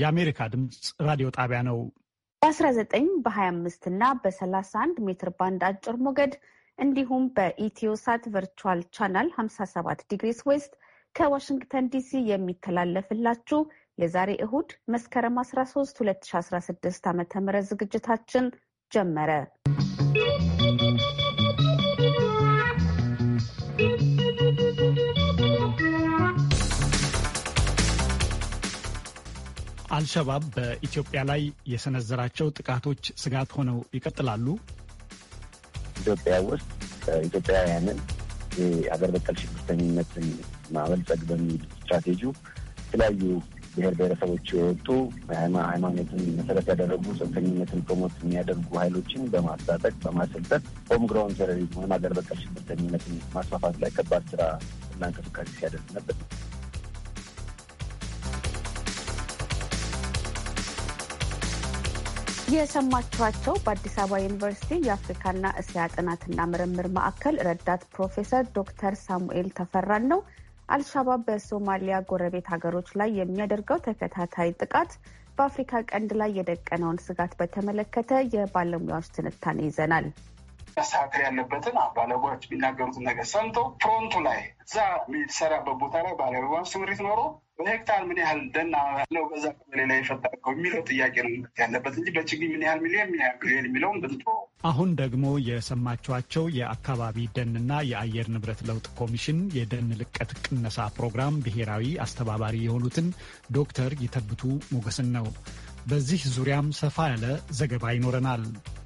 የአሜሪካ ድምፅ ራዲዮ ጣቢያ ነው። በ19 በ25 እና በ31 ሜትር ባንድ አጭር ሞገድ እንዲሁም በኢትዮሳት ቨርቹዋል ቻናል 57 ዲግሪስ ዌስት ከዋሽንግተን ዲሲ የሚተላለፍላችሁ የዛሬ እሁድ መስከረም 13 2016 ዓ ም ዝግጅታችን ጀመረ። አልሸባብ በኢትዮጵያ ላይ የሰነዘራቸው ጥቃቶች ስጋት ሆነው ይቀጥላሉ። ኢትዮጵያ ውስጥ ኢትዮጵያውያንን የአገር በቀል ሽብርተኝነትን ማበልጸግ በሚል ስትራቴጂ የተለያዩ ብሔር ብሔረሰቦች የወጡ ሃይማኖትን መሰረት ያደረጉ ጽንፈኝነትን ፕሮሞት የሚያደርጉ ኃይሎችን በማስታጠቅ በማሰልጠት ሆም ግራውንድ ቴሮሪዝም ወይም ሀገር በቀል ሽብርተኝነትን ማስፋፋት ላይ ከባድ ስራ እና እንቅስቃሴ ሲያደርግ ነበር። የሰማችኋቸው በአዲስ አበባ ዩኒቨርሲቲ የአፍሪካና እስያ ጥናትና ምርምር ማዕከል ረዳት ፕሮፌሰር ዶክተር ሳሙኤል ተፈራን ነው። አልሻባብ በሶማሊያ ጎረቤት ሀገሮች ላይ የሚያደርገው ተከታታይ ጥቃት በአፍሪካ ቀንድ ላይ የደቀነውን ስጋት በተመለከተ የባለሙያዎች ትንታኔ ይዘናል። መስተካከል ያለበትን ባለሙያዎች የሚናገሩትን ነገር ሰምቶ ፍሮንቱ ላይ እዛ የሚሰራበት ቦታ ላይ ባለሙያ ስምሪት ኖሮ በሄክታር ምን ያህል ደን ያለው በዛ ቀበሌ ላይ የፈጠርከው የሚለው ጥያቄ ነው ያለበት እንጂ በችግኝ ምን ያህል ሚሊዮን ምን ያህል ሚሊዮን የሚለውን ብልጦ አሁን ደግሞ የሰማችኋቸው የአካባቢ ደንና የአየር ንብረት ለውጥ ኮሚሽን የደን ልቀት ቅነሳ ፕሮግራም ብሔራዊ አስተባባሪ የሆኑትን ዶክተር ይተብቱ ሞገስን ነው። በዚህ ዙሪያም ሰፋ ያለ ዘገባ ይኖረናል።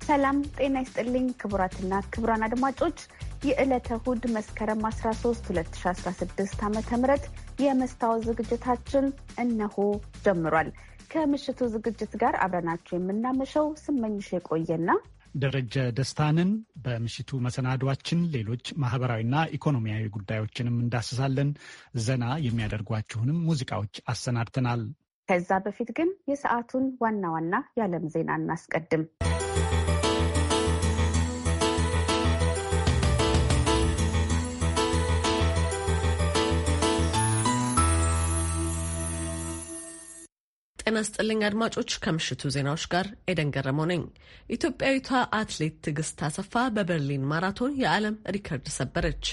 ሰላም ጤና ይስጥልኝ ክቡራትና ክቡራን አድማጮች የዕለተ እሁድ መስከረም 13 2016 ዓ ም የመስታወት ዝግጅታችን እነሆ ጀምሯል። ከምሽቱ ዝግጅት ጋር አብረናችሁ የምናመሸው ስመኝሽ የቆየና ደረጀ ደስታንን በምሽቱ መሰናዷችን ሌሎች ማህበራዊና ኢኮኖሚያዊ ጉዳዮችንም እንዳስሳለን። ዘና የሚያደርጓችሁንም ሙዚቃዎች አሰናድተናል። ከዛ በፊት ግን የሰዓቱን ዋና ዋና የዓለም ዜና እናስቀድም። ጤና ስጥልኝ አድማጮች፣ ከምሽቱ ዜናዎች ጋር ኤደን ገረመው ነኝ። ኢትዮጵያዊቷ አትሌት ትዕግስት አሰፋ በበርሊን ማራቶን የዓለም ሪከርድ ሰበረች።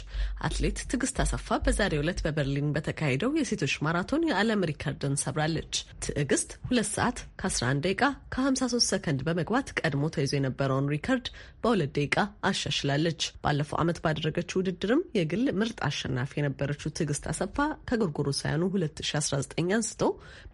አትሌት ትዕግስት አሰፋ በዛሬው ዕለት በበርሊን በተካሄደው የሴቶች ማራቶን የዓለም ሪከርድን ሰብራለች። ትዕግስት ሁለት ሰዓት ከ11 ደቂቃ ከ53 ሰከንድ በመግባት ቀድሞ ተይዞ የነበረውን ሪከርድ በሁለት ደቂቃ አሻሽላለች። ባለፈው ዓመት ባደረገችው ውድድርም የግል ምርጥ አሸናፊ የነበረችው ትዕግስት አሰፋ ከጎርጎሮሳውያኑ 2019 አንስቶ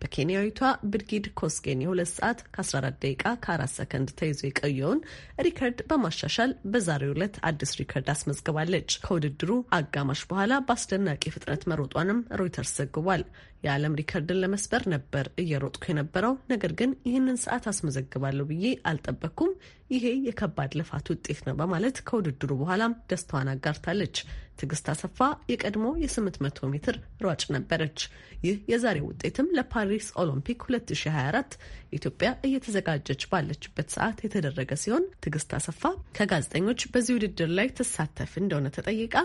በኬንያዊቷ ብርጊድ ኮስጌን የሁለት ሰዓት ከ14 ደቂቃ ከ4 ሰከንድ ተይዞ የቆየውን ሪከርድ በማሻሻል በዛሬው ዕለት አዲስ ሪከርድ አስመዝግባለች። ከውድድሩ አጋማሽ በኋላ በአስደናቂ ፍጥነት መሮጧንም ሮይተርስ ዘግቧል። የዓለም ሪከርድን ለመስበር ነበር እየሮጥኩ የነበረው። ነገር ግን ይህንን ሰዓት አስመዘግባለሁ ብዬ አልጠበቅኩም። ይሄ የከባድ ልፋት ውጤት ነው በማለት ከውድድሩ በኋላም ደስታዋን አጋርታለች። ትዕግስት አሰፋ የቀድሞ የ800 ሜትር ሯጭ ነበረች። ይህ የዛሬ ውጤትም ለፓሪስ ኦሎምፒክ 2024 ኢትዮጵያ እየተዘጋጀች ባለችበት ሰዓት የተደረገ ሲሆን ትዕግስት አሰፋ ከጋዜጠኞች በዚህ ውድድር ላይ ትሳተፍ እንደሆነ ተጠይቃ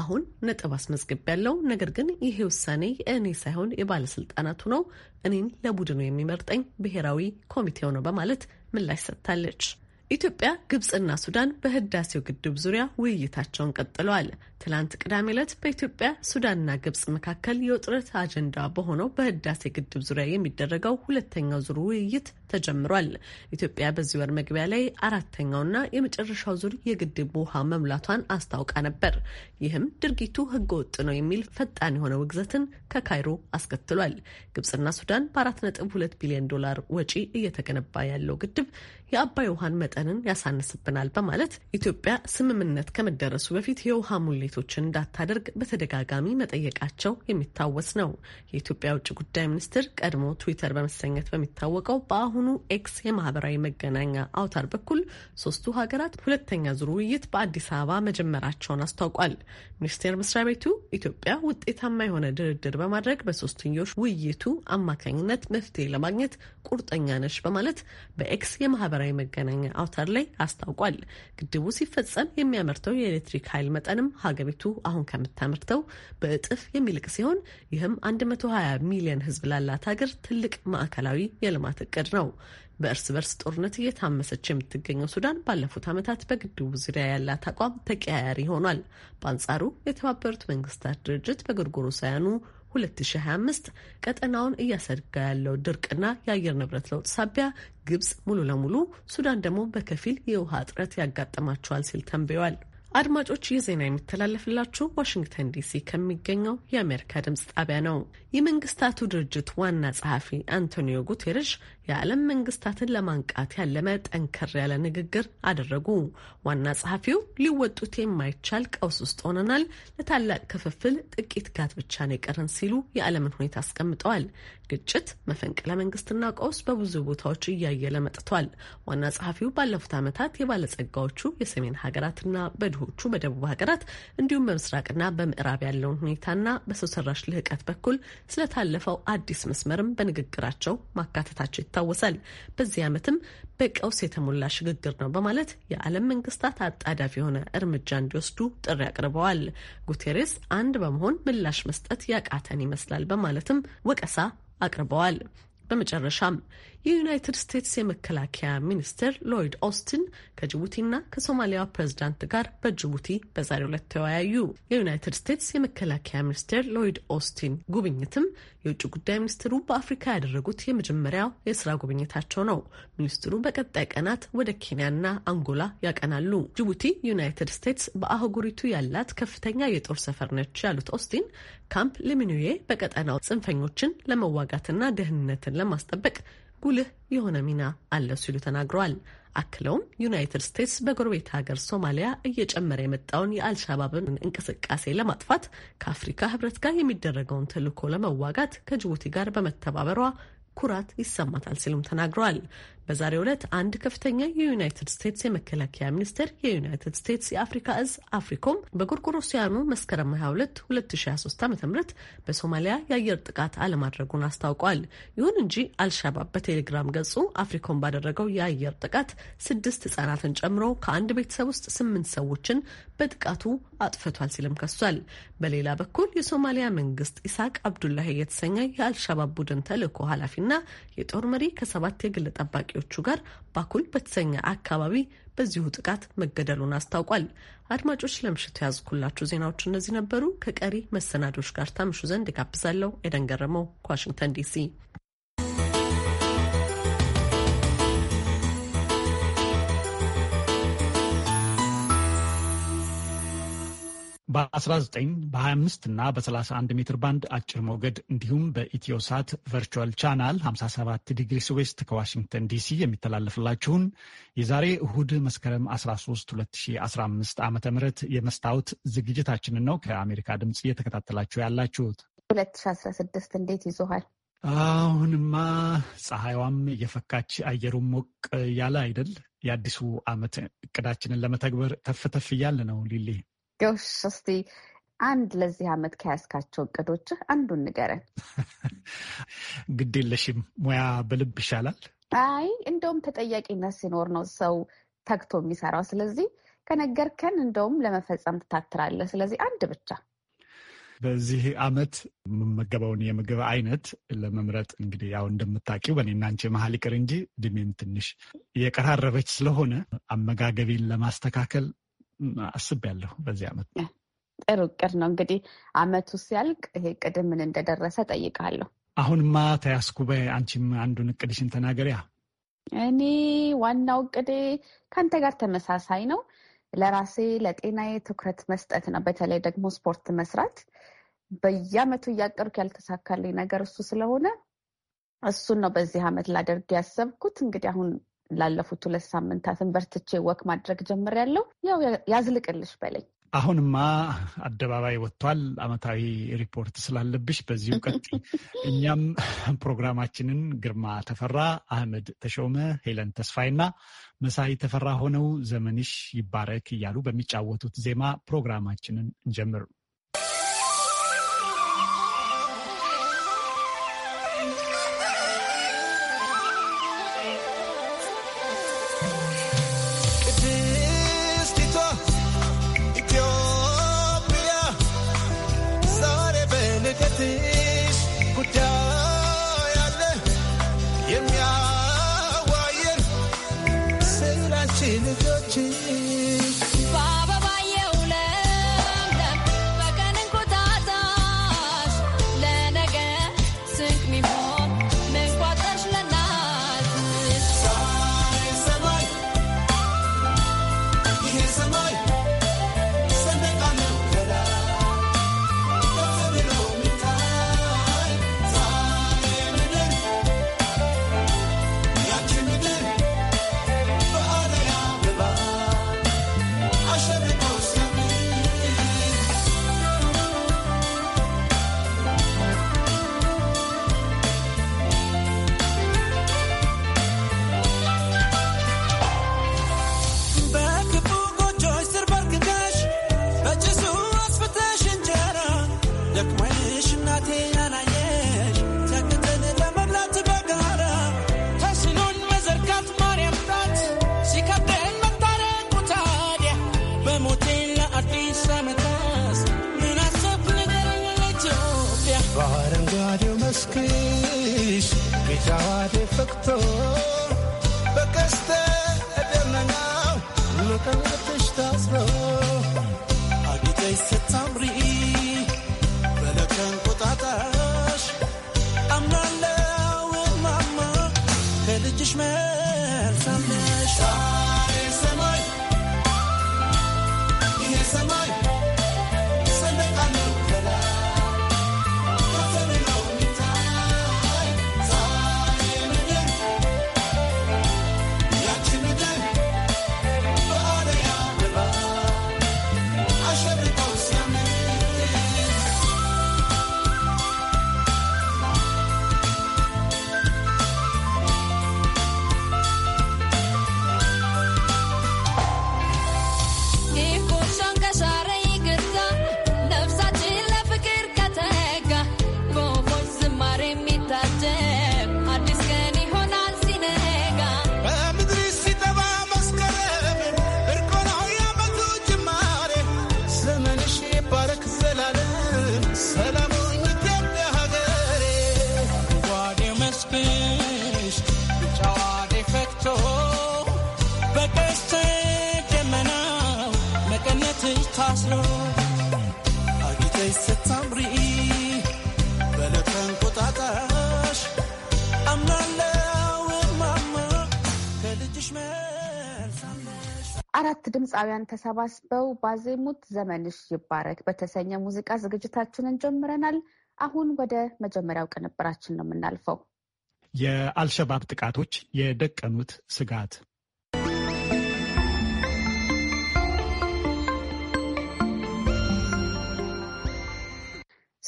አሁን ነጥብ አስመዝግቤያለሁ፣ ነገር ግን ይሄ ውሳኔ የእኔ ሳይሆን የባለስልጣናቱ ነው። እኔን ለቡድኑ የሚመርጠኝ ብሔራዊ ኮሚቴው ነው በማለት ምላሽ ሰጥታለች። ኢትዮጵያ ግብፅና ሱዳን በህዳሴው ግድብ ዙሪያ ውይይታቸውን ቀጥለዋል። ትላንት ቅዳሜ ዕለት በኢትዮጵያ ሱዳንና ግብፅ መካከል የውጥረት አጀንዳ በሆነው በህዳሴ ግድብ ዙሪያ የሚደረገው ሁለተኛው ዙር ውይይት ተጀምሯል። ኢትዮጵያ በዚህ ወር መግቢያ ላይ አራተኛውና የመጨረሻው ዙር የግድብ ውሃ መሙላቷን አስታውቃ ነበር። ይህም ድርጊቱ ወጥ ነው የሚል ፈጣን የሆነ ውግዘትን ከካይሮ አስከትሏል። ግብፅና ሱዳን በ4.2 ቢሊዮን ዶላር ወጪ እየተገነባ ያለው ግድብ የአባይ ውሃን መጠንን ያሳንስብናል በማለት ኢትዮጵያ ስምምነት ከመደረሱ በፊት የውሃ ሙሌቶችን እንዳታደርግ በተደጋጋሚ መጠየቃቸው የሚታወስ ነው። የኢትዮጵያ ውጭ ጉዳይ ሚኒስትር ቀድሞ ትዊተር በመሰኘት በሚታወቀው በአሁኑ ኤክስ የማህበራዊ መገናኛ አውታር በኩል ሶስቱ ሀገራት ሁለተኛ ዙር ውይይት በአዲስ አበባ መጀመራቸውን አስታውቋል። ሚኒስቴር መስሪያ ቤቱ ኢትዮጵያ ውጤታማ የሆነ ድርድር በማድረግ በሶስትዮሽ ውይይቱ አማካኝነት መፍትሄ ለማግኘት ቁርጠኛ ነች በማለት በኤክስ የማህበራ ማህበራዊ መገናኛ አውታር ላይ አስታውቋል። ግድቡ ሲፈጸም የሚያመርተው የኤሌክትሪክ ኃይል መጠንም ሀገሪቱ አሁን ከምታመርተው በእጥፍ የሚልቅ ሲሆን ይህም 120 ሚሊዮን ሕዝብ ላላት ሀገር ትልቅ ማዕከላዊ የልማት እቅድ ነው። በእርስ በርስ ጦርነት እየታመሰች የምትገኘው ሱዳን ባለፉት ዓመታት በግድቡ ዙሪያ ያላት አቋም ተቀያያሪ ሆኗል። በአንጻሩ የተባበሩት መንግስታት ድርጅት በጎርጎሮሳውያኑ 2025 ቀጠናውን እያሰጋ ያለው ድርቅና የአየር ንብረት ለውጥ ሳቢያ ግብጽ ሙሉ ለሙሉ ሱዳን ደግሞ በከፊል የውሃ እጥረት ያጋጠማቸዋል ሲል ተንብየዋል። አድማጮች ይህ ዜና የሚተላለፍላችሁ ዋሽንግተን ዲሲ ከሚገኘው የአሜሪካ ድምጽ ጣቢያ ነው። የመንግስታቱ ድርጅት ዋና ጸሐፊ አንቶኒዮ ጉቴሬሽ የዓለም መንግስታትን ለማንቃት ያለመ ጠንከር ያለ ንግግር አደረጉ። ዋና ጸሐፊው ሊወጡት የማይቻል ቀውስ ውስጥ ሆነናል፣ ለታላቅ ክፍፍል ጥቂት ጋት ብቻ ነው የቀረን ሲሉ የዓለምን ሁኔታ አስቀምጠዋል። ግጭት፣ መፈንቅለ መንግስትና ቀውስ በብዙ ቦታዎች እያየለ መጥቷል። ዋና ጸሐፊው ባለፉት ዓመታት የባለጸጋዎቹ የሰሜን ሀገራትና በድ በመርሆቹ በደቡብ ሀገራት እንዲሁም በምስራቅና በምዕራብ ያለውን ሁኔታና በሰው ሰራሽ ልህቀት በኩል ስለታለፈው አዲስ መስመርም በንግግራቸው ማካተታቸው ይታወሳል። በዚህ ዓመትም በቀውስ የተሞላ ሽግግር ነው በማለት የዓለም መንግስታት አጣዳፊ የሆነ እርምጃ እንዲወስዱ ጥሪ አቅርበዋል። ጉቴሬስ አንድ በመሆን ምላሽ መስጠት ያቃተን ይመስላል በማለትም ወቀሳ አቅርበዋል። በመጨረሻም የዩናይትድ ስቴትስ የመከላከያ ሚኒስትር ሎይድ ኦስትን ከጅቡቲና ከሶማሊያ ፕሬዚዳንት ጋር በጅቡቲ በዛሬው ዕለት ተወያዩ። የዩናይትድ ስቴትስ የመከላከያ ሚኒስትር ሎይድ ኦስቲን ጉብኝትም የውጭ ጉዳይ ሚኒስትሩ በአፍሪካ ያደረጉት የመጀመሪያው የስራ ጉብኝታቸው ነው። ሚኒስትሩ በቀጣይ ቀናት ወደ ኬንያና አንጎላ ያቀናሉ። ጅቡቲ ዩናይትድ ስቴትስ በአህጉሪቱ ያላት ከፍተኛ የጦር ሰፈር ነች ያሉት ኦስቲን ካምፕ ለሚኑዬ በቀጠናው ጽንፈኞችን ለመዋጋትና ደህንነትን ለማስጠበቅ ጉልህ የሆነ ሚና አለው ሲሉ ተናግረዋል። አክለውም ዩናይትድ ስቴትስ በጎረቤት ሀገር ሶማሊያ እየጨመረ የመጣውን የአልሻባብን እንቅስቃሴ ለማጥፋት ከአፍሪካ ሕብረት ጋር የሚደረገውን ተልዕኮ ለመዋጋት ከጅቡቲ ጋር በመተባበሯ ኩራት ይሰማታል ሲሉም ተናግረዋል። በዛሬው ዕለት አንድ ከፍተኛ የዩናይትድ ስቴትስ የመከላከያ ሚኒስቴር የዩናይትድ ስቴትስ የአፍሪካ እዝ አፍሪኮም በጎርጎሮሲያኑ መስከረም 22 2023 ዓ ም በሶማሊያ የአየር ጥቃት አለማድረጉን አስታውቋል። ይሁን እንጂ አልሻባብ በቴሌግራም ገጹ አፍሪኮም ባደረገው የአየር ጥቃት ስድስት ህጻናትን ጨምሮ ከአንድ ቤተሰብ ውስጥ ስምንት ሰዎችን በጥቃቱ አጥፍቷል ሲልም ከሷል። በሌላ በኩል የሶማሊያ መንግስት ኢስሐቅ አብዱላሂ የተሰኘ የአልሻባብ ቡድን ተልእኮ ኃላፊና የጦር መሪ ከሰባት የግል ጠባቂ ታጣቂዎቹ ጋር ባኩል በተሰኘ አካባቢ በዚሁ ጥቃት መገደሉን አስታውቋል። አድማጮች ለምሽቱ የያዝኩላችሁ ዜናዎች እነዚህ ነበሩ። ከቀሪ መሰናዶች ጋር ታምሹ ዘንድ ጋብዛለሁ። ኤደን ገረመው ከዋሽንግተን ዲሲ በ19 በ25 እና በ31 ሜትር ባንድ አጭር ሞገድ እንዲሁም በኢትዮሳት ቨርቹዋል ቻናል 57 ዲግሪስ ዌስት ከዋሽንግተን ዲሲ የሚተላለፍላችሁን የዛሬ እሁድ መስከረም 13 2015 ዓ ም የመስታወት ዝግጅታችንን ነው ከአሜሪካ ድምፅ እየተከታተላችሁ ያላችሁት። 2016 እንዴት ይዞሃል? አሁንማ ፀሐይዋም እየፈካች አየሩም ሞቅ ያለ አይደል? የአዲሱ ዓመት እቅዳችንን ለመተግበር ተፍተፍ እያለ ነው ሊሊ ጎሽ እስቲ አንድ ለዚህ ዓመት ከያዝካቸው እቅዶችህ አንዱን ንገረን። ግድ የለሽም ሙያ በልብ ይሻላል። አይ እንደውም ተጠያቂነት ሲኖር ነው ሰው ተግቶ የሚሰራው። ስለዚህ ከነገርከን እንደውም ለመፈጸም ትታትራለህ። ስለዚህ አንድ ብቻ በዚህ ዓመት የምመገበውን የምግብ አይነት ለመምረጥ እንግዲህ ያው እንደምታውቂው በእኔና አንቺ መሀል ይቅር እንጂ እድሜም ትንሽ የቀራረበች ስለሆነ አመጋገቢን ለማስተካከል አስቤያለሁ በዚህ ዓመት። ጥሩ እቅድ ነው። እንግዲህ ዓመቱ ሲያልቅ ይሄ እቅድ ምን እንደደረሰ ጠይቃለሁ። አሁንማ ተያስኩ በይ። አንቺም አንዱን እቅድሽን ተናገሪያ። እኔ ዋናው እቅዴ ከአንተ ጋር ተመሳሳይ ነው። ለራሴ ለጤናዬ ትኩረት መስጠት ነው። በተለይ ደግሞ ስፖርት መስራት በየአመቱ እያቀድኩ ያልተሳካልኝ ነገር እሱ ስለሆነ እሱን ነው በዚህ አመት ላደርግ ያሰብኩት። እንግዲህ አሁን ላለፉት ሁለት ሳምንታትን በርትቼ ወክ ማድረግ ጀምሬያለሁ። ያው ያዝልቅልሽ በለኝ። አሁንማ አደባባይ ወጥቷል። አመታዊ ሪፖርት ስላለብሽ በዚሁ ቀጥ። እኛም ፕሮግራማችንን ግርማ ተፈራ፣ አህመድ ተሾመ፣ ሄለን ተስፋይና መሳይ ተፈራ ሆነው ዘመንሽ ይባረክ እያሉ በሚጫወቱት ዜማ ፕሮግራማችንን እንጀምር። doctor. ድምፃውያን ተሰባስበው ባዜሙት ዘመንሽ ይባረክ በተሰኘ ሙዚቃ ዝግጅታችንን ጀምረናል። አሁን ወደ መጀመሪያው ቅንብራችን ነው የምናልፈው። የአልሸባብ ጥቃቶች የደቀኑት ስጋት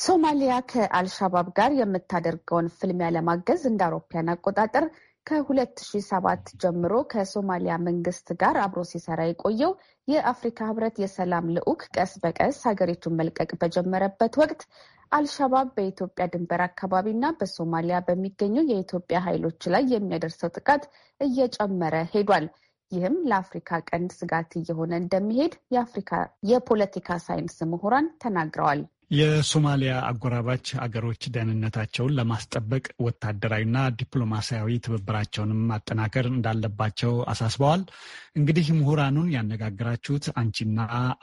ሶማሊያ ከአልሻባብ ጋር የምታደርገውን ፍልሚያ ለማገዝ እንደ አውሮፓያን አቆጣጠር ከ2007 ጀምሮ ከሶማሊያ መንግስት ጋር አብሮ ሲሰራ የቆየው የአፍሪካ ህብረት የሰላም ልዑክ ቀስ በቀስ ሀገሪቱን መልቀቅ በጀመረበት ወቅት አልሻባብ በኢትዮጵያ ድንበር አካባቢና በሶማሊያ በሚገኙ የኢትዮጵያ ኃይሎች ላይ የሚያደርሰው ጥቃት እየጨመረ ሄዷል። ይህም ለአፍሪካ ቀንድ ስጋት እየሆነ እንደሚሄድ የአፍሪካ የፖለቲካ ሳይንስ ምሁራን ተናግረዋል። የሶማሊያ አጎራባች አገሮች ደህንነታቸውን ለማስጠበቅ ወታደራዊና ዲፕሎማሲያዊ ትብብራቸውንም ማጠናከር እንዳለባቸው አሳስበዋል። እንግዲህ ምሁራኑን ያነጋግራችሁት አንቺና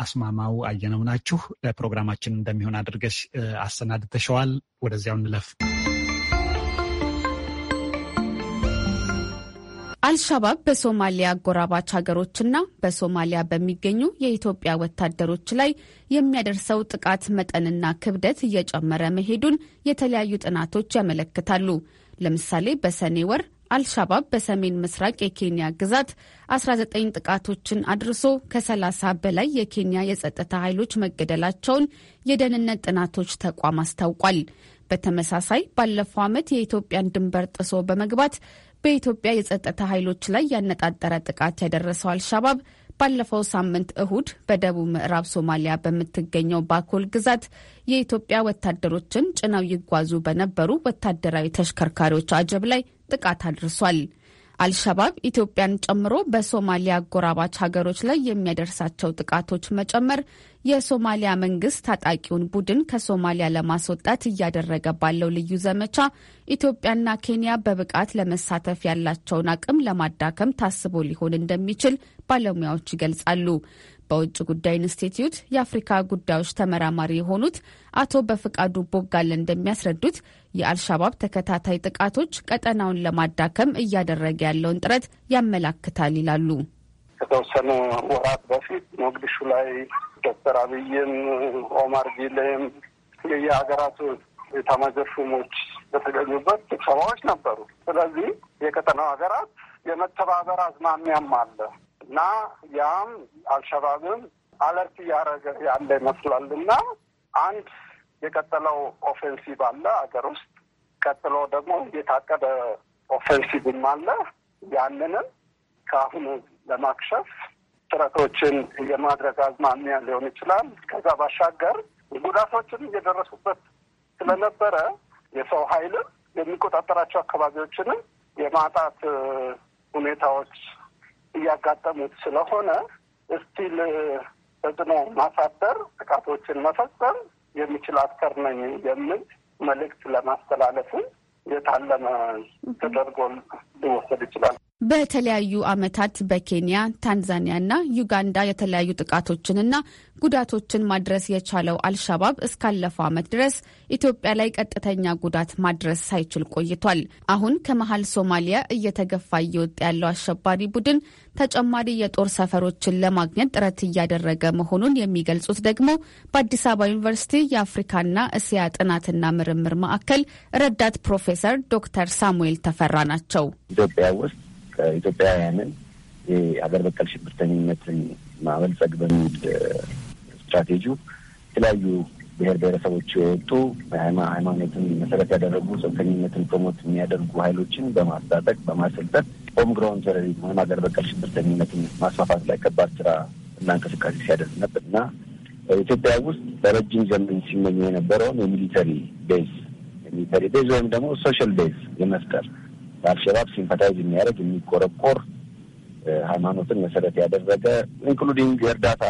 አስማማው አየነው ናችሁ። ለፕሮግራማችን እንደሚሆን አድርገሽ አሰናድተሸዋል። ወደዚያው እንለፍ። አልሻባብ በሶማሊያ አጎራባች ሀገሮችና በሶማሊያ በሚገኙ የኢትዮጵያ ወታደሮች ላይ የሚያደርሰው ጥቃት መጠንና ክብደት እየጨመረ መሄዱን የተለያዩ ጥናቶች ያመለክታሉ። ለምሳሌ በሰኔ ወር አልሻባብ በሰሜን ምስራቅ የኬንያ ግዛት 19 ጥቃቶችን አድርሶ ከ30 በላይ የኬንያ የጸጥታ ኃይሎች መገደላቸውን የደህንነት ጥናቶች ተቋም አስታውቋል። በተመሳሳይ ባለፈው ዓመት የኢትዮጵያን ድንበር ጥሶ በመግባት በኢትዮጵያ የጸጥታ ኃይሎች ላይ ያነጣጠረ ጥቃት ያደረሰው አልሻባብ ባለፈው ሳምንት እሁድ በደቡብ ምዕራብ ሶማሊያ በምትገኘው ባኮል ግዛት የኢትዮጵያ ወታደሮችን ጭነው ይጓዙ በነበሩ ወታደራዊ ተሽከርካሪዎች አጀብ ላይ ጥቃት አድርሷል። አልሸባብ ኢትዮጵያን ጨምሮ በሶማሊያ አጎራባች ሀገሮች ላይ የሚያደርሳቸው ጥቃቶች መጨመር የሶማሊያ መንግስት ታጣቂውን ቡድን ከሶማሊያ ለማስወጣት እያደረገ ባለው ልዩ ዘመቻ ኢትዮጵያና ኬንያ በብቃት ለመሳተፍ ያላቸውን አቅም ለማዳከም ታስቦ ሊሆን እንደሚችል ባለሙያዎች ይገልጻሉ። በውጭ ጉዳይ ኢንስቲትዩት የአፍሪካ ጉዳዮች ተመራማሪ የሆኑት አቶ በፍቃዱ ቦጋለ እንደሚያስረዱት የአልሻባብ ተከታታይ ጥቃቶች ቀጠናውን ለማዳከም እያደረገ ያለውን ጥረት ያመላክታል ይላሉ። ከተወሰኑ ወራት በፊት ሞግዲሹ ላይ ዶክተር አብይም ኦማር ጊሌም የየሀገራቱ የታማዦር ሹሞች በተገኙበት ስብሰባዎች ነበሩ። ስለዚህ የቀጠናው ሀገራት የመተባበር አዝማሚያም አለ። እና ያም አልሸባብም አለርት እያደረገ ያለ ይመስላል እና አንድ የቀጠለው ኦፌንሲቭ አለ ሀገር ውስጥ ቀጥሎ ደግሞ የታቀደ ኦፌንሲቭም አለ። ያንንም ከአሁኑ ለማክሸፍ ጥረቶችን የማድረግ አዝማሚያ ሊሆን ይችላል። ከዛ ባሻገር ጉዳቶችን እየደረሱበት ስለነበረ የሰው ኃይልም የሚቆጣጠራቸው አካባቢዎችንም የማጣት ሁኔታዎች እያጋጠሙት ስለሆነ እስቲል ተጽዕኖ ማሳደር፣ ጥቃቶችን መፈጸም የሚችል አስከር ነኝ የሚል መልእክት ለማስተላለፍን የታለመ ተደርጎ ሊወሰድ ይችላል። በተለያዩ ዓመታት በኬንያ ታንዛኒያ እና ዩጋንዳ የተለያዩ ጥቃቶችንና ጉዳቶችን ማድረስ የቻለው አልሻባብ እስካለፈው ዓመት ድረስ ኢትዮጵያ ላይ ቀጥተኛ ጉዳት ማድረስ ሳይችል ቆይቷል። አሁን ከመሀል ሶማሊያ እየተገፋ እየወጥ ያለው አሸባሪ ቡድን ተጨማሪ የጦር ሰፈሮችን ለማግኘት ጥረት እያደረገ መሆኑን የሚገልጹት ደግሞ በአዲስ አበባ ዩኒቨርሲቲ የአፍሪካና እስያ ጥናትና ምርምር ማዕከል ረዳት ፕሮፌሰር ዶክተር ሳሙኤል ተፈራ ናቸው። ኢትዮጵያ ውስጥ ኢትዮጵያውያንን የሀገር በቀል ሽብርተኝነትን ማበልጸግ በሚል ስትራቴጂው የተለያዩ ብሔር ብሔረሰቦች የወጡ ሃይማኖትን መሰረት ያደረጉ ጽንፈኝነትን ፕሮሞት የሚያደርጉ ሀይሎችን በማስታጠቅ በማሰልጠት ሆም ግራውንድ ቴሮሪዝም ወይም ሀገር በቀል ሽብርተኝነትን ማስፋፋት ላይ ከባድ ስራ እና እንቅስቃሴ ሲያደርግ ነበር እና ኢትዮጵያ ውስጥ በረጅም ዘመን ሲመኘ የነበረውን የሚሊተሪ ቤዝ የሚሊተሪ ቤዝ ወይም ደግሞ ሶሻል ቤዝ የመፍጠር በአልሸባብ ሲምፐታይዝ የሚያደርግ የሚቆረቆር ሃይማኖትን መሰረት ያደረገ ኢንክሉዲንግ እርዳታ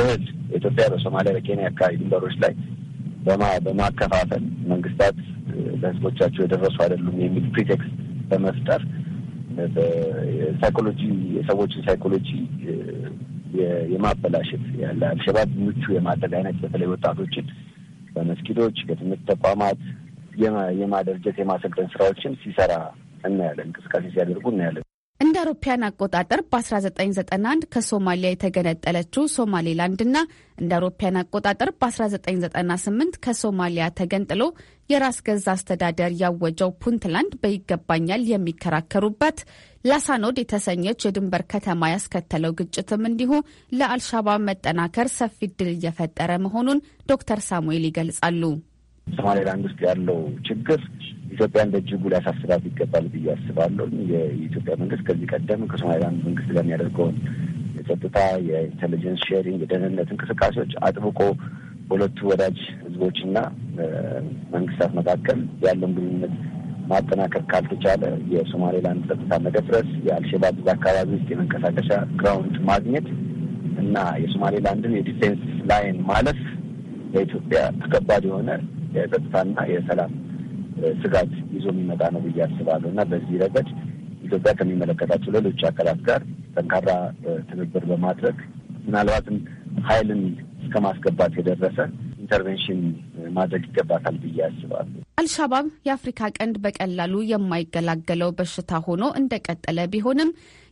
እህል ኢትዮጵያ በሶማሊያ በኬንያ አካባቢ ድንበሮች ላይ በማከፋፈል መንግስታት ለህዝቦቻቸው የደረሱ አይደሉም የሚል ፕሪቴክስት በመፍጠር ሳይኮሎጂ የሰዎችን ሳይኮሎጂ የማበላሸት ያለ አልሸባብ ምቹ የማድረግ አይነት በተለይ ወጣቶችን በመስጊዶች በትምህርት ተቋማት የማደርጀት የማሰልጠን ስራዎችን ሲሰራ እናያለን። እንቅስቃሴ ሲያደርጉ እናያለን። እንደ አውሮፓያን አቆጣጠር በ1991 ከሶማሊያ የተገነጠለችው ሶማሌላንድ እና እንደ አውሮፓያን አቆጣጠር በ1998 ከሶማሊያ ተገንጥሎ የራስ ገዛ አስተዳደር ያወጀው ፑንትላንድ በይገባኛል የሚከራከሩበት ላሳኖድ የተሰኘች የድንበር ከተማ ያስከተለው ግጭትም እንዲሁ ለአልሻባብ መጠናከር ሰፊ ድል እየፈጠረ መሆኑን ዶክተር ሳሙኤል ይገልጻሉ። ሶማሌላንድ ውስጥ ያለው ችግር ኢትዮጵያን በእጅጉ ሊያሳስባት ይገባል ብዬ አስባለሁ። የኢትዮጵያ መንግስት ከዚህ ቀደም ከሶማሊላንድ መንግስት ጋር የሚያደርገውን የጸጥታ፣ የኢንቴሊጀንስ ሼሪንግ፣ የደህንነት እንቅስቃሴዎች አጥብቆ በሁለቱ ወዳጅ ህዝቦችና መንግስታት መካከል ያለውን ግንኙነት ማጠናከር ካልተቻለ የሶማሌላንድ ጸጥታ መደፍረስ፣ የአልሸባብ እዛ አካባቢ ውስጥ የመንቀሳቀሻ ግራውንድ ማግኘት እና የሶማሌላንድን የዲፌንስ ላይን ማለፍ ለኢትዮጵያ ተከባድ የሆነ የጸጥታና የሰላም ስጋት ይዞ የሚመጣ ነው ብዬ አስባለሁ እና በዚህ ረገድ ኢትዮጵያ ከሚመለከታቸው ሌሎች አካላት ጋር ጠንካራ ትብብር በማድረግ ምናልባትም ኃይልን እስከ ማስገባት የደረሰ ኢንተርቬንሽን ማድረግ ይገባታል ብዬ አስባለሁ። አልሻባብ የአፍሪካ ቀንድ በቀላሉ የማይገላገለው በሽታ ሆኖ እንደቀጠለ ቢሆንም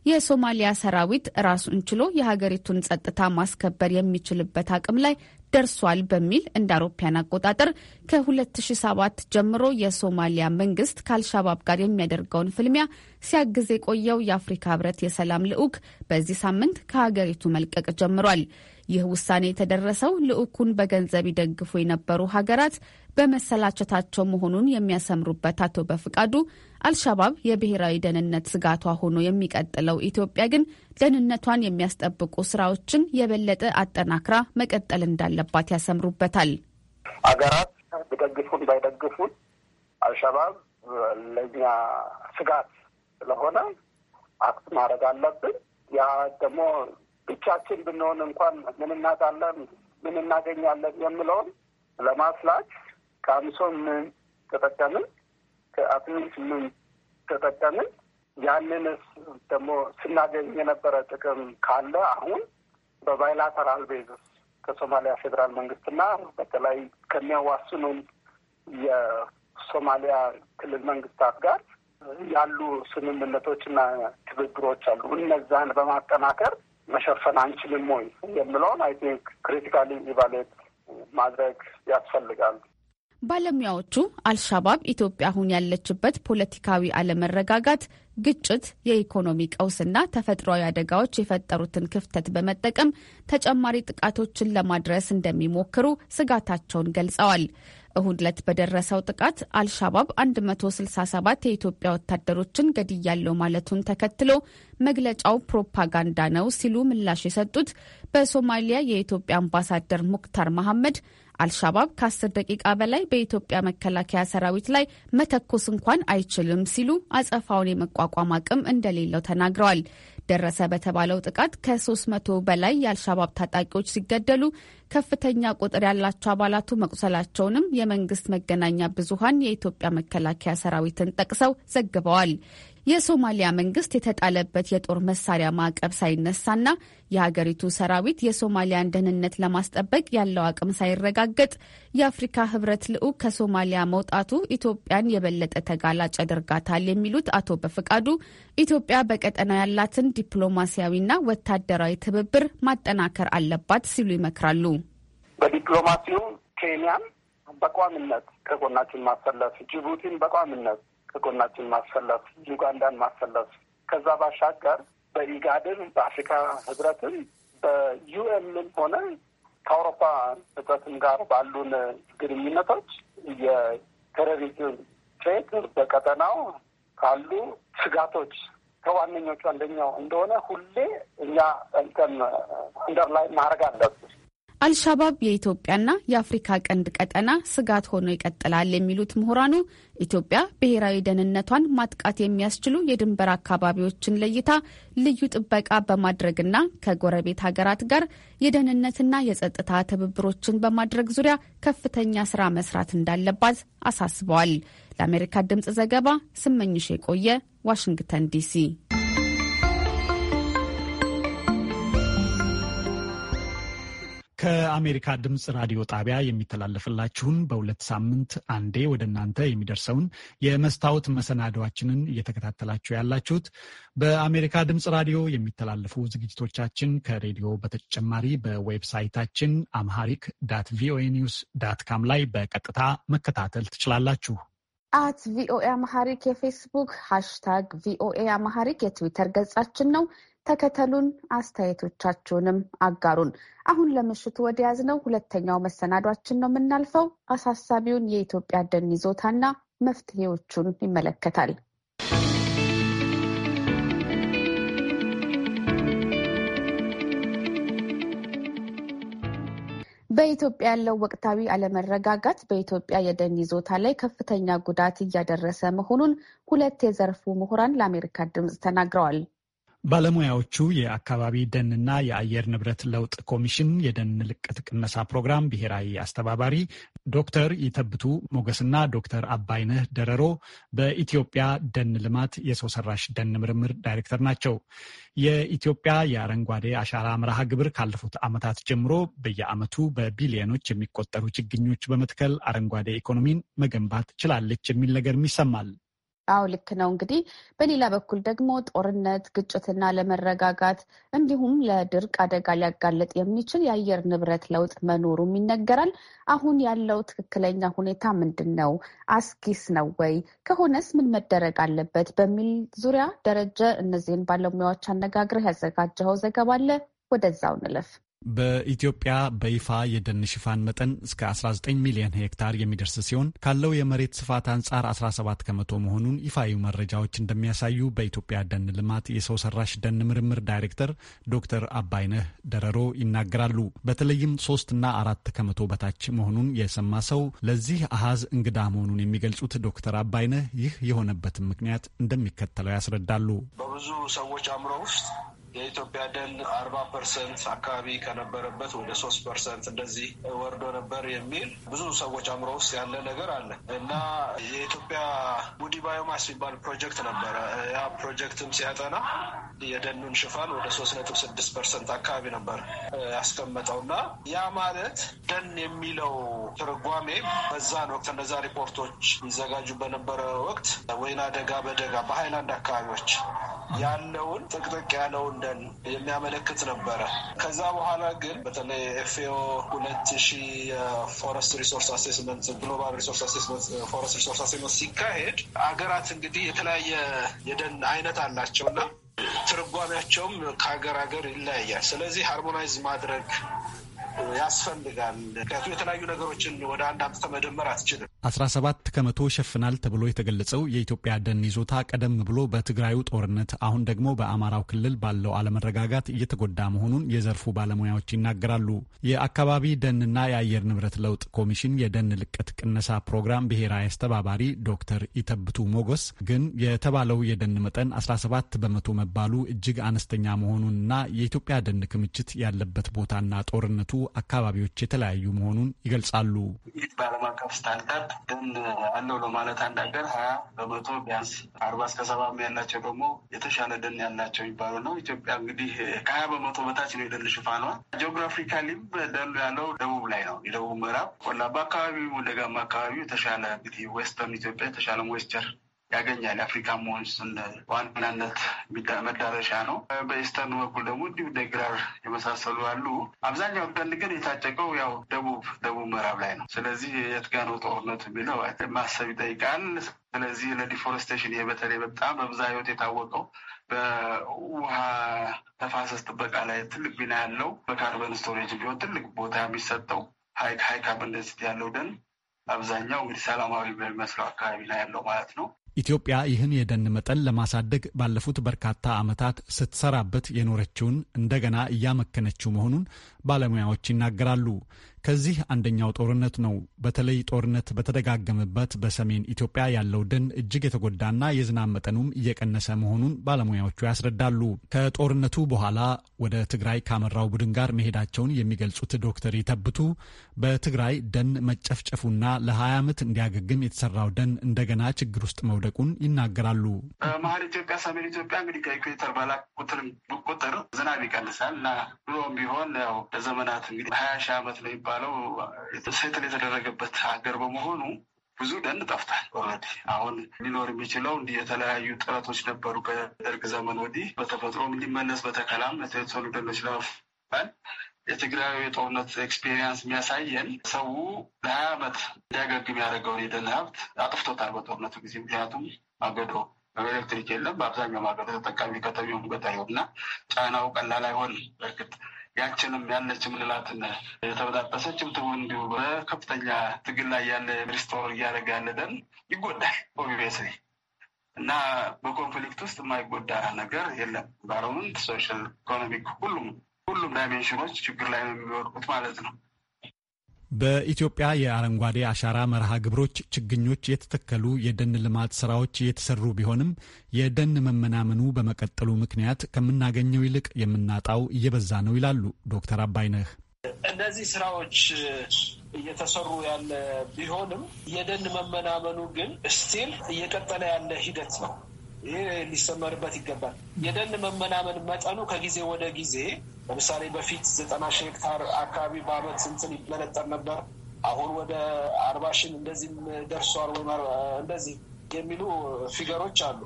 የሶማሊያ ሰራዊት ራሱን ችሎ የሀገሪቱን ጸጥታ ማስከበር የሚችልበት አቅም ላይ ደርሷል በሚል እንደ አውሮፓያን አቆጣጠር ከ2007 ጀምሮ የሶማሊያ መንግስት ከአልሻባብ ጋር የሚያደርገውን ፍልሚያ ሲያግዝ የቆየው የአፍሪካ ህብረት የሰላም ልዑክ በዚህ ሳምንት ከሀገሪቱ መልቀቅ ጀምሯል። ይህ ውሳኔ የተደረሰው ልዑኩን በገንዘብ ይደግፉ የነበሩ ሀገራት በመሰላቸታቸው መሆኑን የሚያሰምሩበት አቶ በፍቃዱ አልሻባብ የብሔራዊ ደህንነት ስጋቷ ሆኖ የሚቀጥለው ኢትዮጵያ ግን ደህንነቷን የሚያስጠብቁ ስራዎችን የበለጠ አጠናክራ መቀጠል እንዳለባት ያሰምሩበታል። ሀገራት ቢደግፉን ባይደግፉን አልሸባብ ለእኛ ስጋት ስለሆነ አክት ማድረግ አለብን። ያ ደግሞ ብቻችን ብንሆን እንኳን ምን እናጣለን፣ ምን እናገኛለን የምለውን ለማስላት ከአምሶን ምን ተጠቀምን፣ ከአትሚስ ምን ተጠቀምን፣ ያንንስ ደግሞ ስናገኝ የነበረ ጥቅም ካለ አሁን በባይላተራል ቤዝስ ከሶማሊያ ፌዴራል መንግስትና በተለይ ከሚያዋስኑን የሶማሊያ ክልል መንግስታት ጋር ያሉ ስምምነቶችና ትብብሮች አሉ። እነዛን በማጠናከር መሸፈን አንችልም ወይ የምለውን አይ ቲንክ ክሪቲካሊ ኢቫሌት ማድረግ ያስፈልጋል። ባለሙያዎቹ አልሻባብ ኢትዮጵያ አሁን ያለችበት ፖለቲካዊ አለመረጋጋት፣ ግጭት፣ የኢኮኖሚ ቀውስና ተፈጥሯዊ አደጋዎች የፈጠሩትን ክፍተት በመጠቀም ተጨማሪ ጥቃቶችን ለማድረስ እንደሚሞክሩ ስጋታቸውን ገልጸዋል። እሁድ ዕለት በደረሰው ጥቃት አልሻባብ 167 የኢትዮጵያ ወታደሮችን ገድያለው ማለቱን ተከትሎ መግለጫው ፕሮፓጋንዳ ነው ሲሉ ምላሽ የሰጡት በሶማሊያ የኢትዮጵያ አምባሳደር ሙክታር መሐመድ አልሻባብ ከአስር ደቂቃ በላይ በኢትዮጵያ መከላከያ ሰራዊት ላይ መተኮስ እንኳን አይችልም ሲሉ አጸፋውን የመቋቋም አቅም እንደሌለው ተናግረዋል። ደረሰ በተባለው ጥቃት ከ300 በላይ የአልሻባብ ታጣቂዎች ሲገደሉ ከፍተኛ ቁጥር ያላቸው አባላቱ መቁሰላቸውንም የመንግስት መገናኛ ብዙሃን የኢትዮጵያ መከላከያ ሰራዊትን ጠቅሰው ዘግበዋል። የሶማሊያ መንግስት የተጣለበት የጦር መሳሪያ ማዕቀብ ሳይነሳና የሀገሪቱ ሰራዊት የሶማሊያን ደህንነት ለማስጠበቅ ያለው አቅም ሳይረጋገጥ የአፍሪካ ህብረት ልዑክ ከሶማሊያ መውጣቱ ኢትዮጵያን የበለጠ ተጋላጭ አድርጋታል የሚሉት አቶ በፈቃዱ ኢትዮጵያ በቀጠና ያላትን ዲፕሎማሲያዊና ወታደራዊ ትብብር ማጠናከር አለባት ሲሉ ይመክራሉ። በዲፕሎማሲውም ኬንያን በቋምነት ከጎናችን ማሰለፍ፣ ጅቡቲን በቋምነት ከጎናችን ማሰለፍ፣ ዩጋንዳን ማሰለፍ ከዛ ባሻገር በኢጋድን በአፍሪካ ህብረትም በዩኤንም ሆነ ከአውሮፓ ህብረትም ጋር ባሉን ግንኙነቶች የቴሮሪዝም ትሬት በቀጠናው ካሉ ስጋቶች ከዋነኞቹ አንደኛው እንደሆነ ሁሌ እኛ እንትን እንደርላይ ማድረግ አለብን። አልሻባብ የኢትዮጵያና የአፍሪካ ቀንድ ቀጠና ስጋት ሆኖ ይቀጥላል የሚሉት ምሁራኑ ኢትዮጵያ ብሔራዊ ደህንነቷን ማጥቃት የሚያስችሉ የድንበር አካባቢዎችን ለይታ ልዩ ጥበቃ በማድረግና ከጎረቤት ሀገራት ጋር የደህንነትና የጸጥታ ትብብሮችን በማድረግ ዙሪያ ከፍተኛ ስራ መስራት እንዳለባት አሳስበዋል። ለአሜሪካ ድምጽ ዘገባ ስመኝሽ የቆየ ዋሽንግተን ዲሲ። ከአሜሪካ ድምፅ ራዲዮ ጣቢያ የሚተላለፍላችሁን በሁለት ሳምንት አንዴ ወደ እናንተ የሚደርሰውን የመስታወት መሰናዶዋችንን እየተከታተላችሁ ያላችሁት። በአሜሪካ ድምፅ ራዲዮ የሚተላለፉ ዝግጅቶቻችን ከሬዲዮ በተጨማሪ በዌብሳይታችን አምሃሪክ ዳት ቪኦኤ ኒውስ ዳት ካም ላይ በቀጥታ መከታተል ትችላላችሁ። አት ቪኦኤ አምሃሪክ የፌስቡክ ሃሽታግ ቪኦኤ አምሃሪክ የትዊተር ገጻችን ነው። ተከተሉን፣ አስተያየቶቻችሁንም አጋሩን። አሁን ለምሽቱ ወደ ያዝነው ሁለተኛው መሰናዷችን ነው የምናልፈው። አሳሳቢውን የኢትዮጵያ ደን ይዞታና መፍትሄዎቹን ይመለከታል። በኢትዮጵያ ያለው ወቅታዊ አለመረጋጋት በኢትዮጵያ የደን ይዞታ ላይ ከፍተኛ ጉዳት እያደረሰ መሆኑን ሁለት የዘርፉ ምሁራን ለአሜሪካ ድምፅ ተናግረዋል። ባለሙያዎቹ የአካባቢ ደንና የአየር ንብረት ለውጥ ኮሚሽን የደን ልቀት ቅነሳ ፕሮግራም ብሔራዊ አስተባባሪ ዶክተር ይተብቱ ሞገስና ዶክተር አባይነህ ደረሮ በኢትዮጵያ ደን ልማት የሰው ሰራሽ ደን ምርምር ዳይሬክተር ናቸው። የኢትዮጵያ የአረንጓዴ አሻራ መርሃ ግብር ካለፉት ዓመታት ጀምሮ በየዓመቱ በቢሊዮኖች የሚቆጠሩ ችግኞች በመትከል አረንጓዴ ኢኮኖሚን መገንባት ችላለች የሚል ነገርም ይሰማል። አው ልክ ነው። እንግዲህ በሌላ በኩል ደግሞ ጦርነት፣ ግጭትና ለመረጋጋት እንዲሁም ለድርቅ አደጋ ሊያጋለጥ የሚችል የአየር ንብረት ለውጥ መኖሩም ይነገራል። አሁን ያለው ትክክለኛ ሁኔታ ምንድን ነው? አስጊስ ነው ወይ? ከሆነስ ምን መደረግ አለበት? በሚል ዙሪያ ደረጀ፣ እነዚህን ባለሙያዎች አነጋግረህ ያዘጋጀኸው ዘገባ አለ። ወደዛው ንለፍ። በኢትዮጵያ በይፋ የደን ሽፋን መጠን እስከ 19 ሚሊዮን ሄክታር የሚደርስ ሲሆን ካለው የመሬት ስፋት አንጻር 17 ከመቶ መሆኑን ይፋዊ መረጃዎች እንደሚያሳዩ በኢትዮጵያ ደን ልማት የሰው ሰራሽ ደን ምርምር ዳይሬክተር ዶክተር አባይነህ ደረሮ ይናገራሉ። በተለይም ሶስትና አራት ከመቶ በታች መሆኑን የሰማ ሰው ለዚህ አሃዝ እንግዳ መሆኑን የሚገልጹት ዶክተር አባይነህ ይህ የሆነበትን ምክንያት እንደሚከተለው ያስረዳሉ። በብዙ ሰዎች አእምሮ ውስጥ የኢትዮጵያ ደን አርባ ፐርሰንት አካባቢ ከነበረበት ወደ ሶስት ፐርሰንት እንደዚህ ወርዶ ነበር የሚል ብዙ ሰዎች አእምሮ ውስጥ ያለ ነገር አለ እና የኢትዮጵያ ጉዲ ባዮማስ የሚባል ፕሮጀክት ነበረ። ያ ፕሮጀክትም ሲያጠና የደኑን ሽፋን ወደ ሶስት ነጥብ ስድስት ፐርሰንት አካባቢ ነበር ያስቀመጠው እና ያ ማለት ደን የሚለው ትርጓሜ በዛን ወቅት እነዛ ሪፖርቶች ይዘጋጁ በነበረ ወቅት ወይና ደጋ በደጋ በሀይላንድ አካባቢዎች ያለውን ጥቅጥቅ ያለውን እንደን የሚያመለክት ነበረ። ከዛ በኋላ ግን በተለይ ኤፍኤኦ ሁለት ሺ የፎረስት ሪሶርስ አሴስመንት ግሎባል ሪሶርስ አሴስመንት ፎረስት ሪሶርስ አሴስመንት ሲካሄድ አገራት እንግዲህ የተለያየ የደን አይነት አላቸውና ትርጓሜያቸውም ከሀገር ሀገር ይለያያል። ስለዚህ ሃርሞናይዝ ማድረግ ያስፈልጋል። ምክንያቱም የተለያዩ ነገሮችን ወደ አንድ አምጥተህ መደመር አትችልም። አስራ ሰባት ከመቶ ይሸፍናል ተብሎ የተገለጸው የኢትዮጵያ ደን ይዞታ ቀደም ብሎ በትግራዩ ጦርነት፣ አሁን ደግሞ በአማራው ክልል ባለው አለመረጋጋት እየተጎዳ መሆኑን የዘርፉ ባለሙያዎች ይናገራሉ። የአካባቢ ደንና የአየር ንብረት ለውጥ ኮሚሽን የደን ልቀት ቅነሳ ፕሮግራም ብሔራዊ አስተባባሪ ዶክተር ኢተብቱ ሞጎስ ግን የተባለው የደን መጠን 17 በመቶ መባሉ እጅግ አነስተኛ መሆኑንና የኢትዮጵያ ደን ክምችት ያለበት ቦታና ጦርነቱ አካባቢዎች የተለያዩ መሆኑን ይገልጻሉ። በዓለም አቀፍ ስታንዳርድ ግን አለው ለማለት አንድ ሀገር ሀያ በመቶ ቢያንስ አርባ እስከ ሰባ ያላቸው ደግሞ የተሻለ ደን ያላቸው የሚባሉ ነው። ኢትዮጵያ እንግዲህ ከሀያ በመቶ በታች ነው የደን ሽፋኗ። ጂኦግራፊካሊም ደኑ ያለው ደቡብ ላይ ነው፣ የደቡብ ምዕራብ ቆላ በአካባቢው ደጋማ አካባቢ የተሻለ እንግዲህ ዌስተርን ኢትዮጵያ የተሻለ ሞይስቸር ያገኛል። አፍሪካ ወንዝ ዋናነት መዳረሻ ነው። በኢስተርን በኩል ደግሞ እንዲሁ ደግራር የመሳሰሉ አሉ። አብዛኛው ቀንድ ግን የታጨቀው ያው ደቡብ ደቡብ ምዕራብ ላይ ነው። ስለዚህ የት ጋ ነው ጦርነቱ የሚለው ማሰብ ይጠይቃል። ስለዚህ ለዲፎረስቴሽን ይሄ በተለይ በጣም ህይወት የታወቀው በውሃ ተፋሰስ ጥበቃ ላይ ትልቅ ሚና ያለው በካርበን ስቶሬጅ ቢሆን ትልቅ ቦታ የሚሰጠው ሀይ ካርበን ደንሲቲ ያለው ደን አብዛኛው እንግዲህ ሰላማዊ በሚመስለው አካባቢ ላይ ያለው ማለት ነው። ኢትዮጵያ ይህን የደን መጠን ለማሳደግ ባለፉት በርካታ ዓመታት ስትሰራበት የኖረችውን እንደገና እያመከነችው መሆኑን ባለሙያዎች ይናገራሉ። ከዚህ አንደኛው ጦርነት ነው። በተለይ ጦርነት በተደጋገመበት በሰሜን ኢትዮጵያ ያለው ደን እጅግ የተጎዳና የዝናብ መጠኑም እየቀነሰ መሆኑን ባለሙያዎቹ ያስረዳሉ። ከጦርነቱ በኋላ ወደ ትግራይ ካመራው ቡድን ጋር መሄዳቸውን የሚገልጹት ዶክተር ይተብቱ በትግራይ ደን መጨፍጨፉና ለ20 ዓመት እንዲያገግም የተሰራው ደን እንደገና ችግር ውስጥ መውደቁን ይናገራሉ። መሀል ኢትዮጵያ፣ ሰሜን ኢትዮጵያ እንግዲህ ከኢኩዌተር ባላ ቁጥር ዝናብ ይቀንሳል እና ድሮም ቢሆን ያው ለዘመናት እንግዲህ ሀያ ሺህ ዓመት ነው የሚባለው ሴትል የተደረገበት ሀገር በመሆኑ ብዙ ደን ጠፍቷል። ኦልሬዲ አሁን ሊኖር የሚችለው እንዲህ የተለያዩ ጥረቶች ነበሩ ከደርግ ዘመን ወዲህ በተፈጥሮም እንዲመለስ በተከላም የተወሰኑ ደኖች ለመፍ የትግራዊ ጦርነት ኤክስፔሪየንስ የሚያሳየን ሰው ለሀያ ዓመት እንዲያገግም ያደረገውን የደን ሀብት አጥፍቶታል በጦርነቱ ጊዜ። ምክንያቱም ማገዶ ኤሌክትሪክ የለም። በአብዛኛው ማገዶ ተጠቃሚ ከተሚውም ገጠር እና ጫናው ቀላል አይሆን። በእርግጥ ያችንም ያለች ምልላትን የተበጣጠሰችም ትሁን እንዲሁ በከፍተኛ ትግል ላይ ያለ ሪስቶር እያደረገ ያለ ደን ይጎዳል ኦብቪየስሊ እና በኮንፍሊክት ውስጥ የማይጎዳ ነገር የለም። ኢንቫይሮንመንት፣ ሶሻል፣ ኢኮኖሚክ ሁሉም ሁሉም ዳይሜንሽኖች ችግር ላይ ነው የሚወድቁት ማለት ነው። በኢትዮጵያ የአረንጓዴ አሻራ መርሃ ግብሮች ችግኞች የተተከሉ የደን ልማት ስራዎች የተሰሩ ቢሆንም የደን መመናመኑ በመቀጠሉ ምክንያት ከምናገኘው ይልቅ የምናጣው እየበዛ ነው ይላሉ ዶክተር አባይነህ። እነዚህ ስራዎች እየተሰሩ ያለ ቢሆንም የደን መመናመኑ ግን ስቲል እየቀጠለ ያለ ሂደት ነው። ይህ ሊሰመርበት ይገባል። የደን መመናመን መጠኑ ከጊዜ ወደ ጊዜ ለምሳሌ በፊት ዘጠና ሺህ ሄክታር አካባቢ በአመት ስንትን ይመነጠር ነበር። አሁን ወደ አርባ ሺህ እንደዚህም ደርሷል ወይ እንደዚህ የሚሉ ፊገሮች አሉ።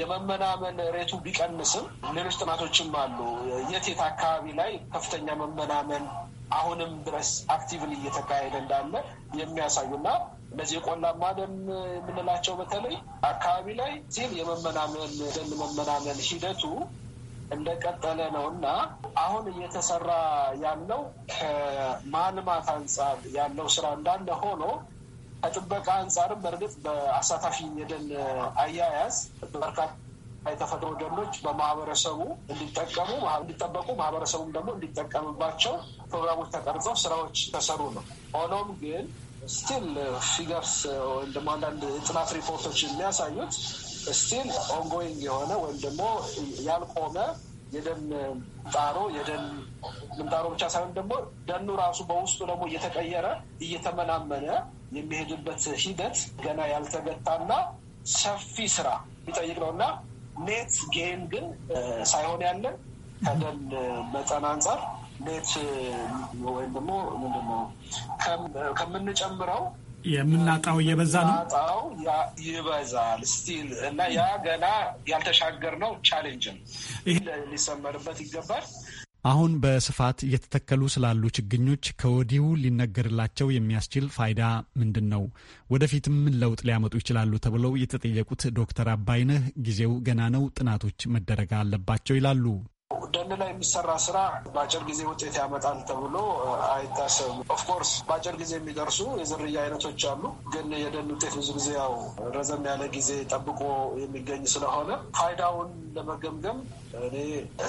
የመመናመን ሬቱ ቢቀንስም ሌሎች ጥናቶችም አሉ። የት የት አካባቢ ላይ ከፍተኛ መመናመን አሁንም ድረስ አክቲቭሊ እየተካሄደ እንዳለ የሚያሳዩና እነዚህ የቆላማ ደን የምንላቸው በተለይ አካባቢ ላይ ዚህም የመመናመን ደን መመናመን ሂደቱ እንደቀጠለ ነው እና አሁን እየተሰራ ያለው ከማልማት አንጻር ያለው ስራ እንዳለ ሆኖ ከጥበቃ አንጻርም በእርግጥ በአሳታፊ የደን አያያዝ በርካታ የተፈጥሮ ደኖች በማህበረሰቡ እንዲጠቀሙ እንዲጠበቁ ማህበረሰቡም ደግሞ እንዲጠቀምባቸው ፕሮግራሞች ተቀርጸው ስራዎች ተሰሩ ነው። ሆኖም ግን ስቲል ፊገርስ ወይም ደግሞ አንዳንድ የጥናት ሪፖርቶች የሚያሳዩት ስቲል ኦንጎይንግ የሆነ ወይም ደግሞ ያልቆመ የደን ጣሮ የደን ምንጣሮ ብቻ ሳይሆን ደግሞ ደኑ ራሱ በውስጡ ደግሞ እየተቀየረ እየተመናመነ የሚሄድበት ሂደት ገና ያልተገታና ሰፊ ስራ የሚጠይቅ ነው እና ኔት ጌን ግን uh, ሳይሆን ያለን ከደን uh, መጠን አንጻር ኔት ወይም ደግሞ ምንድነው ከምንጨምረው የምናጣው እየበዛ ነው። ጣው ይበዛል ስቲል እና ያ ገና ያልተሻገር ነው ቻሌንጅ ይህ ሊሰመርበት ይገባል። አሁን በስፋት እየተተከሉ ስላሉ ችግኞች ከወዲሁ ሊነገርላቸው የሚያስችል ፋይዳ ምንድን ነው? ወደፊትም ምን ለውጥ ሊያመጡ ይችላሉ ተብለው የተጠየቁት ዶክተር አባይነህ ጊዜው ገና ነው፣ ጥናቶች መደረግ አለባቸው ይላሉ። ደን ላይ የሚሰራ ስራ በአጭር ጊዜ ውጤት ያመጣል ተብሎ አይታሰብም። ኦፍኮርስ በአጭር ጊዜ የሚደርሱ የዝርያ አይነቶች አሉ። ግን የደን ውጤት ብዙ ጊዜ ያው ረዘም ያለ ጊዜ ጠብቆ የሚገኝ ስለሆነ ፋይዳውን ለመገምገም እኔ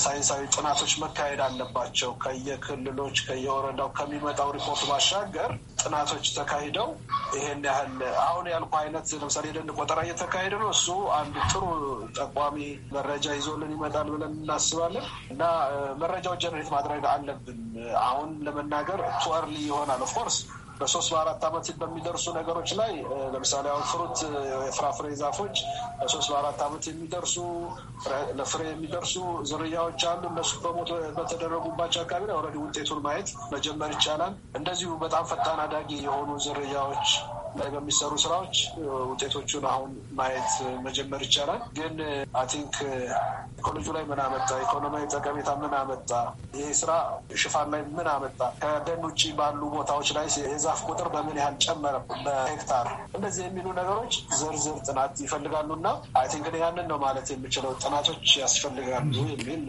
ሳይንሳዊ ጥናቶች መካሄድ አለባቸው። ከየክልሎች ከየወረዳው ከሚመጣው ሪፖርት ባሻገር ጥናቶች ተካሂደው ይሄን ያህል አሁን ያልኩ አይነት ለምሳሌ የደን ቆጠራ እየተካሄደ ነው። እሱ አንድ ጥሩ ጠቋሚ መረጃ ይዞልን ይመጣል ብለን እናስባለን። እና መረጃው ጀነሬት ማድረግ አለብን። አሁን ለመናገር ቱ አርሊ ይሆናል። ኦፍኮርስ በሶስት በአራት ዓመት በሚደርሱ ነገሮች ላይ ለምሳሌ አሁን ፍሩት የፍራፍሬ ዛፎች በሶስት በአራት ዓመት የሚደርሱ ለፍሬ የሚደርሱ ዝርያዎች አሉ። እነሱ በሞት በተደረጉባቸው አካባቢ ላይ ኦልሬዲ ውጤቱን ማየት መጀመር ይቻላል። እንደዚሁ በጣም ፈጣን አዳጊ የሆኑ ዝርያዎች ላይ በሚሰሩ ስራዎች ውጤቶቹን አሁን ማየት መጀመር ይቻላል። ግን አይ ቲንክ ላይ ምን አመጣ፣ ኢኮኖሚያዊ ጠቀሜታ ምን አመጣ፣ ይሄ ስራ ሽፋን ላይ ምን አመጣ፣ ከደን ውጭ ባሉ ቦታዎች ላይ የዛፍ ቁጥር በምን ያህል ጨመረ በሄክታር፣ እንደዚህ የሚሉ ነገሮች ዝርዝር ጥናት ይፈልጋሉ እና አይ ያንን ነው ማለት የምችለው ጥናቶች ያስፈልጋሉ የሚል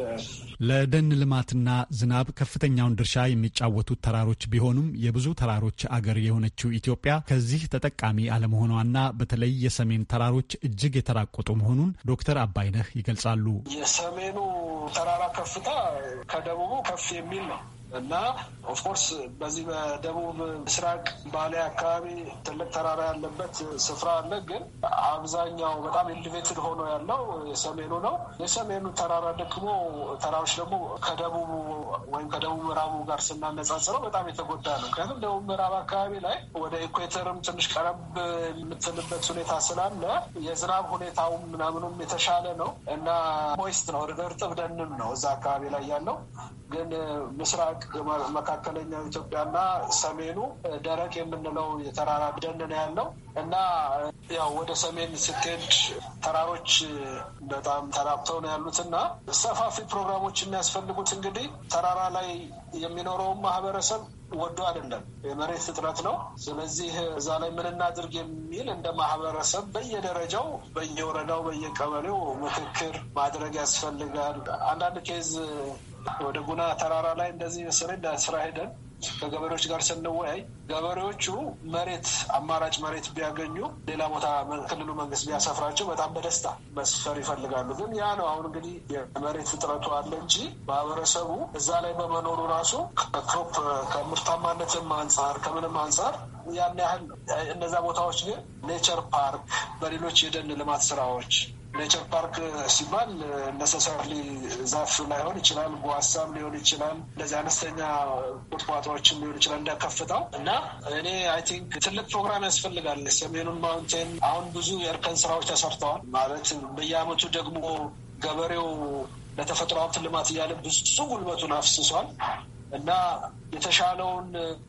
ለደን ልማትና ዝናብ ከፍተኛውን ድርሻ የሚጫወቱት ተራሮች ቢሆኑም የብዙ ተራሮች አገር የሆነችው ኢትዮጵያ ከዚህ ተጠቃሚ አለመሆኗና በተለይ የሰሜን ተራሮች እጅግ የተራቆጡ መሆኑን ዶክተር አባይነህ ይገልጻሉ። የሰሜኑ ተራራ ከፍታ ከደቡቡ ከፍ የሚል ነው። እና ኦፍኮርስ በዚህ በደቡብ ምስራቅ ባሌ አካባቢ ትልቅ ተራራ ያለበት ስፍራ አለ። ግን አብዛኛው በጣም ኢሊቬትድ ሆኖ ያለው የሰሜኑ ነው። የሰሜኑ ተራራ ደግሞ ተራሮች ደግሞ ከደቡቡ ወይም ከደቡብ ምዕራቡ ጋር ስናነጻጽረው በጣም የተጎዳ ነው። ምክንያቱም ደቡብ ምዕራብ አካባቢ ላይ ወደ ኢኩዌተርም ትንሽ ቀረብ የምትልበት ሁኔታ ስላለ የዝናብ ሁኔታውም ምናምኑም የተሻለ ነው እና ሞይስት ነው እርጥብ ደንም ነው እዛ አካባቢ ላይ ያለው ግን ምስራቅ መካከለኛው ኢትዮጵያና ሰሜኑ ደረቅ የምንለው የተራራ ደን ነው ያለው እና ያው ወደ ሰሜን ስትሄድ ተራሮች በጣም ተራብተው ነው ያሉት እና ሰፋፊ ፕሮግራሞች የሚያስፈልጉት እንግዲህ ተራራ ላይ የሚኖረውን ማህበረሰብ ወዶ አይደለም፣ የመሬት እጥረት ነው። ስለዚህ እዛ ላይ ምን እናድርግ የሚል እንደ ማህበረሰብ በየደረጃው በየወረዳው፣ በየቀበሌው ምክክር ማድረግ ያስፈልጋል። አንዳንድ ኬዝ ወደ ጉና ተራራ ላይ እንደዚህ መሰለኝ ለስራ ሄደን ከገበሬዎች ጋር ስንወያይ ገበሬዎቹ መሬት አማራጭ መሬት ቢያገኙ ሌላ ቦታ ክልሉ መንግስት ቢያሰፍራቸው በጣም በደስታ መስፈር ይፈልጋሉ። ግን ያ ነው አሁን እንግዲህ የመሬት እጥረቱ አለ እንጂ ማህበረሰቡ እዛ ላይ በመኖሩ ራሱ ከክሮፕ ከምርታማነትም አንጻር ከምንም አንጻር ያን ያህል እነዛ ቦታዎች ግን ኔቸር ፓርክ፣ በሌሎች የደን ልማት ስራዎች ኔቸር ፓርክ ሲባል ነሰሳሪ ዛፍ ላይሆን ይችላል፣ ጓሳም ሊሆን ይችላል፣ እንደዚህ አነስተኛ ቁጥቋጦዎችም ሊሆን ይችላል እንደከፍታው እና እኔ አይ ቲንክ ትልቅ ፕሮግራም ያስፈልጋል። ሰሜኑን ማውንቴን አሁን ብዙ የእርከን ስራዎች ተሰርተዋል። ማለት በየአመቱ ደግሞ ገበሬው ለተፈጥሮ ሀብት ልማት እያለ ብዙ ጉልበቱን አፍስሷል። እና የተሻለውን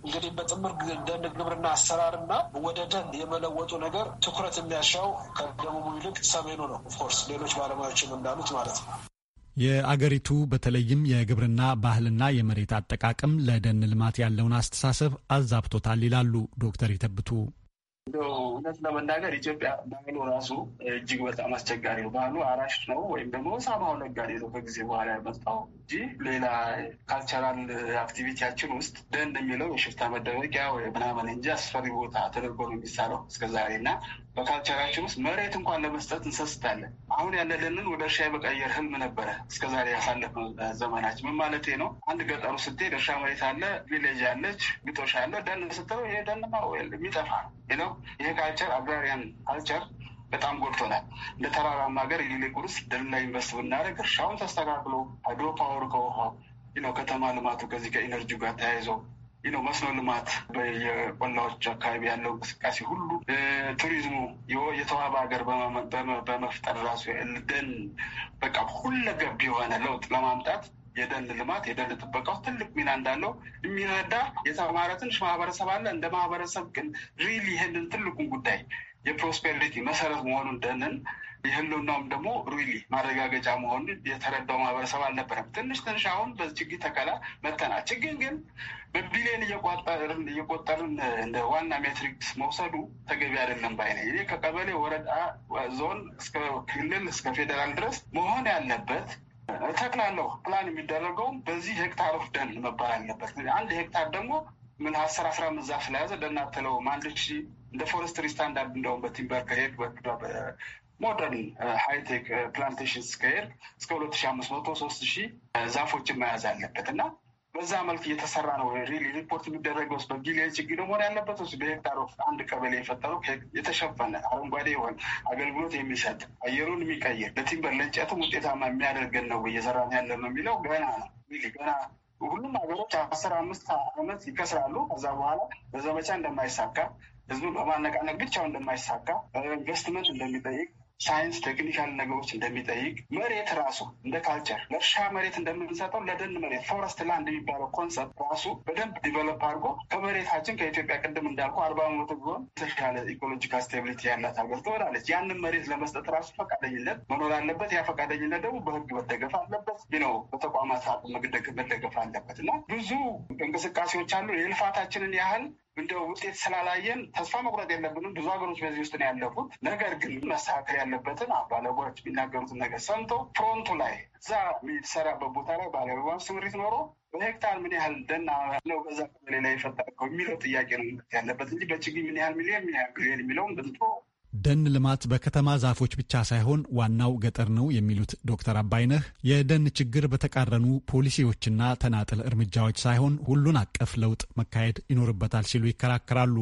እንግዲህ በጥምር ደን ግብርና አሰራርና ወደ ደን የመለወጡ ነገር ትኩረት የሚያሻው ከደቡቡ ይልቅ ሰሜኑ ነው። ኦፍኮርስ ሌሎች ባለሙያዎችም እንዳሉት ማለት ነው። የአገሪቱ በተለይም የግብርና ባህልና የመሬት አጠቃቀም ለደን ልማት ያለውን አስተሳሰብ አዛብቶታል ይላሉ ዶክተር የተብቱ እንደው እውነት ለመናገር ኢትዮጵያ ባህሉ ራሱ እጅግ በጣም አስቸጋሪ ነው። ባህሉ አራሽ ነው ወይም ደግሞ ሳባው ነጋዴ ነው ከጊዜ በኋላ ያመጣው እንጂ ሌላ ካልቸራል አክቲቪቲያችን ውስጥ ደን የሚለው የሽፍታ መደበቂያ ወይ ምናምን እንጂ አስፈሪ ቦታ ተደርጎ ነው የሚሳለው እስከዛሬ እና በካልቸራችን ውስጥ መሬት እንኳን ለመስጠት እንሰስታለን። አሁን ያለልንን ወደ እርሻ የመቀየር ህልም ነበረ እስከዛሬ ያሳለፍነው ዘመናችን። ምን ማለቴ ነው? አንድ ገጠሩ ስትሄድ እርሻ መሬት አለ፣ ቪሌጅ አለች፣ ግጦሽ አለ። ደን ስትለው ይሄ ደንማ የሚጠፋ ነው። ይሄ ካልቸር አግራሪያን ካልቸር በጣም ጎድቶናል። እንደ ተራራማ ሀገር ይልቁንስ ደን ላይ ኢንቨስት ብናደርግ እርሻውን ተስተካክሎ ሃይድሮ ፓወር ከውሃው ከተማ ልማቱ ከዚህ ከኢነርጂ ጋር ተያይዘው ነው መስኖ ልማት በየቆላዎች አካባቢ ያለው እንቅስቃሴ ሁሉ ቱሪዝሙ የተዋበ ሀገር በመፍጠር ራሱ ደን በቃ ሁለገብ የሆነ ለውጥ ለማምጣት የደን ልማት የደን ጥበቃው ትልቅ ሚና እንዳለው የሚረዳ የተማረ ትንሽ ማህበረሰብ አለ። እንደ ማህበረሰብ ግን ሪሊ ይህንን ትልቁን ጉዳይ የፕሮስፔሪቲ መሰረት መሆኑን ደንን የህልውናውም ደግሞ ሪሊ ማረጋገጫ መሆኑን የተረዳው ማህበረሰብ አልነበረም። ትንሽ ትንሽ አሁን በችግኝ ተከላ መተና ችግኝ ግን በቢሊየን እየቆጠርን እንደ ዋና ሜትሪክስ መውሰዱ ተገቢ አይደለም ባይ ነኝ። እኔ ከቀበሌ ወረዳ፣ ዞን እስከ ክልል እስከ ፌዴራል ድረስ መሆን ያለበት እተክላለሁ ፕላን የሚደረገውም በዚህ ሄክታር ደን መባል አለበት። አንድ ሄክታር ደግሞ ምን አስር አስራ አምስት ዛፍ ስለያዘ ደናተለውም አንድ ሺ እንደ ፎረስትሪ ስታንዳርድ እንደውም በቲምበር ከሄድ ሞደርን ሃይቴክ ፕላንቴሽን ስካሄድ እስከ ሁለት ሺ አምስት መቶ ሶስት ሺ ዛፎችን መያዝ ያለበት እና በዛ መልክ እየተሰራ ነው። ሪሊ ሪፖርት የሚደረገው ስ በቢሊየን ችግኝ መሆን ያለበት ስ በሄክታር አንድ ቀበሌ የፈጠረው የተሸፈነ አረንጓዴ የሆነ አገልግሎት የሚሰጥ አየሩን የሚቀይር ለቲምበር ለእንጨቱ ውጤታማ የሚያደርገን ነው ያለ ነው የሚለው ገና ነው ገና ሁሉም ሀገሮች አስር አምስት ዓመት ይከስራሉ። ከዛ በኋላ በዘመቻ እንደማይሳካ ህዝቡን በማነቃነቅ ብቻው እንደማይሳካ ኢንቨስትመንት እንደሚጠይቅ ሳይንስ ቴክኒካል ነገሮች እንደሚጠይቅ መሬት ራሱ እንደ ካልቸር ለእርሻ መሬት እንደምንሰጠው ለደን መሬት ፎረስት ላንድ የሚባለው ኮንሰፕት ራሱ በደንብ ዲቨሎፕ አድርጎ ከመሬታችን ከኢትዮጵያ ቅድም እንዳልኩ አርባ መቶ ቢሆን የተሻለ ኢኮሎጂካል ስቴቢሊቲ ያላት ሀገር ትሆናለች። ያንን መሬት ለመስጠት ራሱ ፈቃደኝነት መኖር አለበት። ያ ፈቃደኝነት ደግሞ በህግ መደገፍ አለበት ነው በተቋማት መደገፍ አለበት እና ብዙ እንቅስቃሴዎች አሉ የልፋታችንን ያህል እንደ ውጤት ስላላየን ተስፋ መቁረጥ የለብንም። ብዙ ሀገሮች በዚህ ውስጥ ነው ያለፉት። ነገር ግን መስተካከል ያለበትን ባለሙያዎች የሚናገሩትን ነገር ሰምቶ ፍሮንቱ ላይ እዛ የሚሰራበት ቦታ ላይ ባለሙያ ስምሪት ኖሮ በሄክታር ምን ያህል ደና ነው በዛ ቀበሌ ላይ የፈጠርከው የሚለው ጥያቄ ነው ያለበት እንጂ በችግኝ ምን ያህል ሚሊዮን ሚሊዮን የሚለውን ብልጦ ደን ልማት በከተማ ዛፎች ብቻ ሳይሆን ዋናው ገጠር ነው የሚሉት ዶክተር አባይነህ የደን ችግር በተቃረኑ ፖሊሲዎችና ተናጥል እርምጃዎች ሳይሆን ሁሉን አቀፍ ለውጥ መካሄድ ይኖርበታል ሲሉ ይከራከራሉ።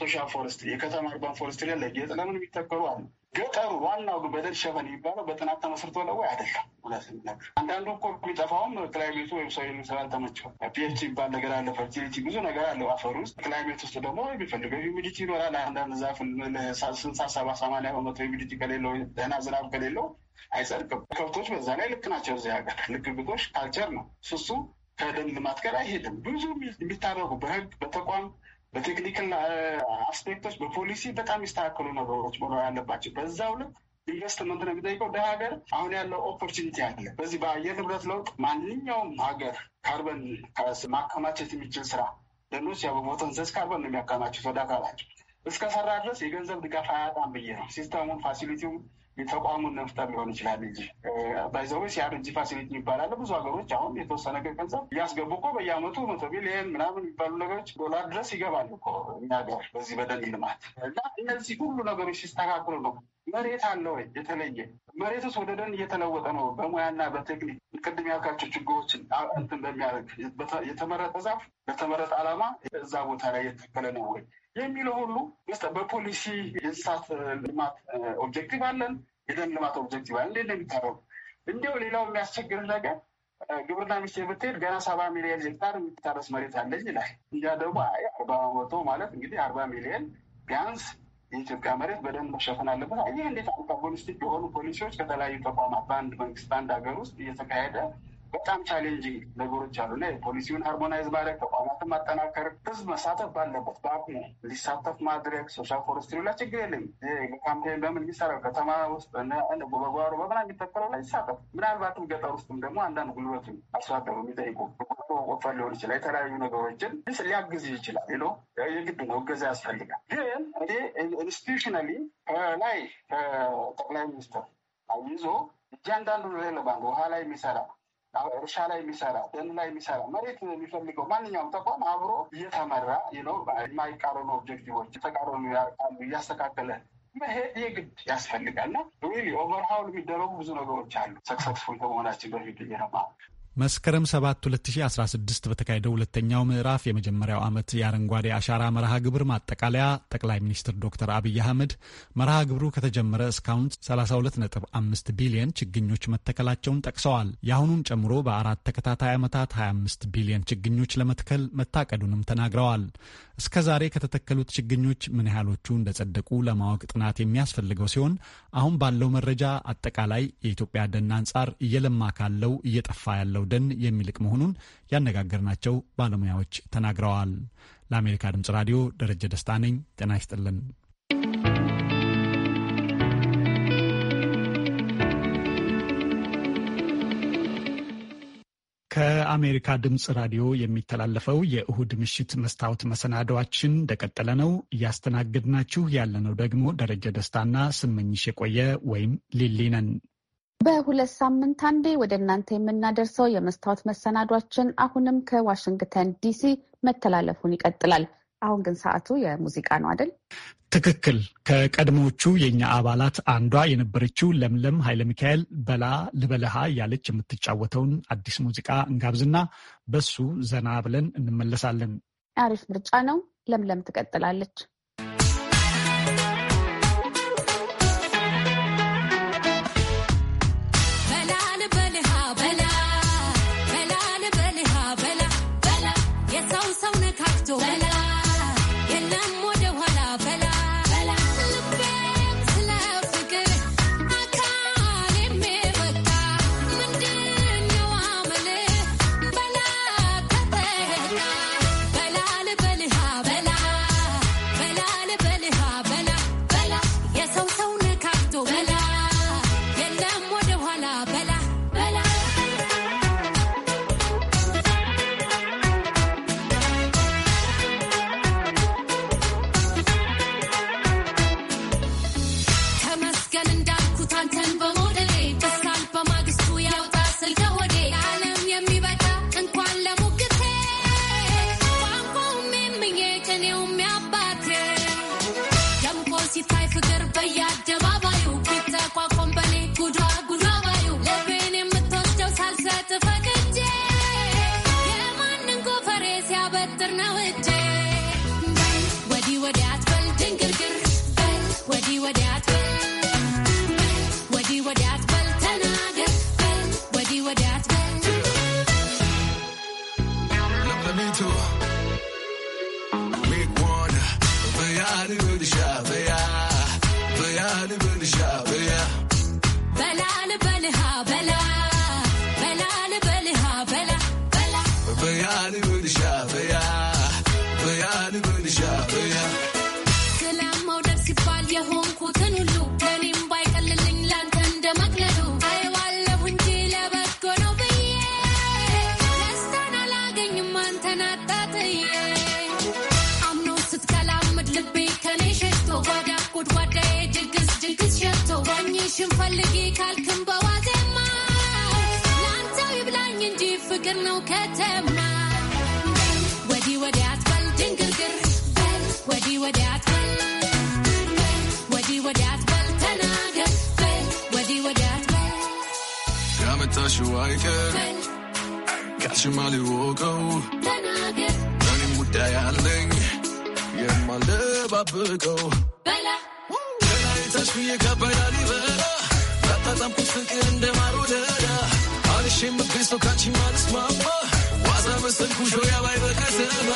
ሶሻል ፎረስትሪ የከተማ አርባን ፎረስትሪ ለጌጥ ለምን የሚተከሉ አሉ። ገጠሩ ዋናው ግን ሸፈን የሚባለው በጥናት ተመስርቶ ነው ወይ አይደለም? ሁለት ነገር አንዳንዱ እኮ የሚጠፋውም ክላይሜቱ ወይም ሰው የሚሰራ ተመቸው ፒኤች የሚባል ነገር አለ። ፈርቲሊቲ ብዙ ነገር አለው አፈር ውስጥ ክላይሜት ውስጥ ደግሞ የሚፈልገው ሂሚዲቲ ይኖራል። አንዳንድ ዛፍ ስንሳ ሰባ ሰማንያ በመቶ ሂሚዲቲ ከሌለው ደህና ዝናብ ከሌለው አይጸድቅም። ከብቶች በዛ ላይ ልክ ናቸው። እዚህ ሀገር ልክ ግጦሽ ካልቸር ነው። ስሱ ከደን ልማት ጋር አይሄድም። ብዙ የሚታረጉ በህግ በተቋም በቴክኒክና አስፔክቶች በፖሊሲ በጣም ይስተካከሉ ነገሮች መኖር ያለባቸው በዛው ልክ ኢንቨስትመንት ነው የሚጠይቀው። እንደ አሁን ያለው ኦፖርቹኒቲ አለ። በዚህ በአየር ንብረት ለውጥ ማንኛውም ሀገር ካርበን ማከማቸት የሚችል ስራ ደኖች ያው በፎቶሲንተሲስ ካርበን ነው የሚያከማቸው ወደ አካላቸው እስከሰራ ድረስ የገንዘብ ድጋፍ አያጣም ብዬ ነው ሲስተሙን ፋሲሊቲውን ተቋሙን ለመፍጠር ሊሆን ይችላል እንጂ ባይዘዌ ሲያርጂ ፋሲሊቲ ይባላል። ብዙ ሀገሮች አሁን የተወሰነ ገንዘብ እያስገቡ እኮ በየአመቱ መቶ ቢሊየን ምናምን የሚባሉ ነገሮች ዶላር ድረስ ይገባሉ እኮ እኛ ጋር በዚህ በደን ልማት እና እነዚህ ሁሉ ነገሮች ሲስተካክሉ ነው። መሬት አለ ወይ የተለየ መሬት ውስጥ ወደ ደን እየተለወጠ ነው። በሙያና በቴክኒክ ቅድም ያልካቸው ችግሮችን እንትን በሚያደርግ የተመረጠ ዛፍ ለተመረጠ አላማ እዛ ቦታ ላይ የተከለ ነው ወይ የሚለው ሁሉ በፖሊሲ የእንስሳት ልማት ኦብጀክቲቭ አለን፣ የደን ልማት ኦብጀክቲቭ አለን። እንዴት ነው የሚታረጉ? ሌላው የሚያስቸግር ነገር ግብርና ሚኒስቴር ብትሄድ ገና ሰባ ሚሊዮን ሄክታር የሚታረስ መሬት አለኝ ይላል። እንዲ ደግሞ አርባ መቶ ማለት እንግዲህ አርባ ሚሊዮን ቢያንስ የኢትዮጵያ መሬት በደንብ መሸፈን አለበት። ይህ እንዴት አንታጎኒስቲክ የሆኑ ፖሊሲዎች ከተለያዩ ተቋማት በአንድ መንግስት በአንድ ሀገር ውስጥ እየተካሄደ በጣም ቻሌንጂንግ ነገሮች አሉ። የፖሊሲውን ሃርሞናይዝ ማድረግ፣ ተቋማትን ማጠናከር፣ ህዝብ መሳተፍ ባለበት በአቅሙ እንዲሳተፍ ማድረግ። ሶሻል ፎረስትሪ ላይ ችግር የለም። ካምፔን በምን ይሰራል? ከተማ ውስጥ በጓሮ በምን የሚተከለው ላይ ይሳተፍ። ምናልባትም ገጠር ውስጥም ደግሞ አንዳንድ ጉልበትን አርሶ የሚጠይቁ ቆፈር ሊሆን ይችላል። የተለያዩ ነገሮችን ሊያግዝ ይችላል። ሌሎ የግድ ነው፣ እገዛ ያስፈልጋል። ግን ኢንስቲቱሽናሊ ከላይ ከጠቅላይ ሚኒስትር አይዞ እያንዳንዱ ሬለቫንት ውሃ ላይ የሚሰራ እርሻ ላይ የሚሰራ ደን ላይ የሚሰራ መሬት የሚፈልገው ማንኛውም ተቋም አብሮ እየተመራ ነው የማይቃረኑ ኦብጀክቲቮች ተቃረኑ ያርቃሉ እያስተካከለ መሄድ የግድ ያስፈልጋል። ና ሪሊ ኦቨርሃውል የሚደረጉ ብዙ ነገሮች አሉ። ሰክሰስፉል ከመሆናችን በፊት እየረማ መስከረም 7 2016 በተካሄደው ሁለተኛው ምዕራፍ የመጀመሪያው ዓመት የአረንጓዴ አሻራ መርሃ ግብር ማጠቃለያ ጠቅላይ ሚኒስትር ዶክተር አብይ አህመድ መርሃ ግብሩ ከተጀመረ እስካሁን 32.5 ቢሊየን ችግኞች መተከላቸውን ጠቅሰዋል። የአሁኑን ጨምሮ በአራት ተከታታይ ዓመታት 25 ቢሊየን ችግኞች ለመትከል መታቀዱንም ተናግረዋል። እስከ ዛሬ ከተተከሉት ችግኞች ምን ያህሎቹ እንደጸደቁ ለማወቅ ጥናት የሚያስፈልገው ሲሆን አሁን ባለው መረጃ አጠቃላይ የኢትዮጵያ ደን አንጻር እየለማ ካለው እየጠፋ ያለው ደን የሚልቅ መሆኑን ያነጋገርናቸው ባለሙያዎች ተናግረዋል። ለአሜሪካ ድምጽ ራዲዮ ደረጀ ደስታ ነኝ። ጤና ይስጥልን። ከአሜሪካ ድምፅ ራዲዮ የሚተላለፈው የእሁድ ምሽት መስታወት መሰናዶችን እንደቀጠለ ነው። እያስተናገድናችሁ ያለነው ደግሞ ደረጀ ደስታና ስመኝሽ የቆየ ወይም ሊሊ ነን። በሁለት ሳምንት አንዴ ወደ እናንተ የምናደርሰው የመስታወት መሰናዷችን አሁንም ከዋሽንግተን ዲሲ መተላለፉን ይቀጥላል። አሁን ግን ሰዓቱ የሙዚቃ ነው አይደል? ትክክል። ከቀድሞቹ የእኛ አባላት አንዷ የነበረችው ለምለም ኃይለ ሚካኤል በላ ልበለሃ እያለች የምትጫወተውን አዲስ ሙዚቃ እንጋብዝና በሱ ዘና ብለን እንመለሳለን። አሪፍ ምርጫ ነው። ለምለም ትቀጥላለች። ፍቅርሽን ፈልጊ ካልክም በዋዜማ ለአንተው ይብላኝ እንጂ ፍቅር ነው ከተማ ወዲህ ወዲያ አትበል ድንግርግር ወዲህ ወዲያ አትበል ወዲህ ወዲያ አትበል ተናገር ወዲህ ወዲያ አትበል ያመጣሽው አይቀር ካልሽማ ሊወቀው ተናገር እኔም ጉዳይ አለኝ የማልደባብቀው በላ አንተሽ ብዬ ገባኝ ላሊበላ ያጣጣምኩት ፍቅር እንደማር ወለላ አልሽ የምገዝተው ካንቺ ማልስማማ ዋዛ መሰልኩሽ ሆያ ባይ በከተማ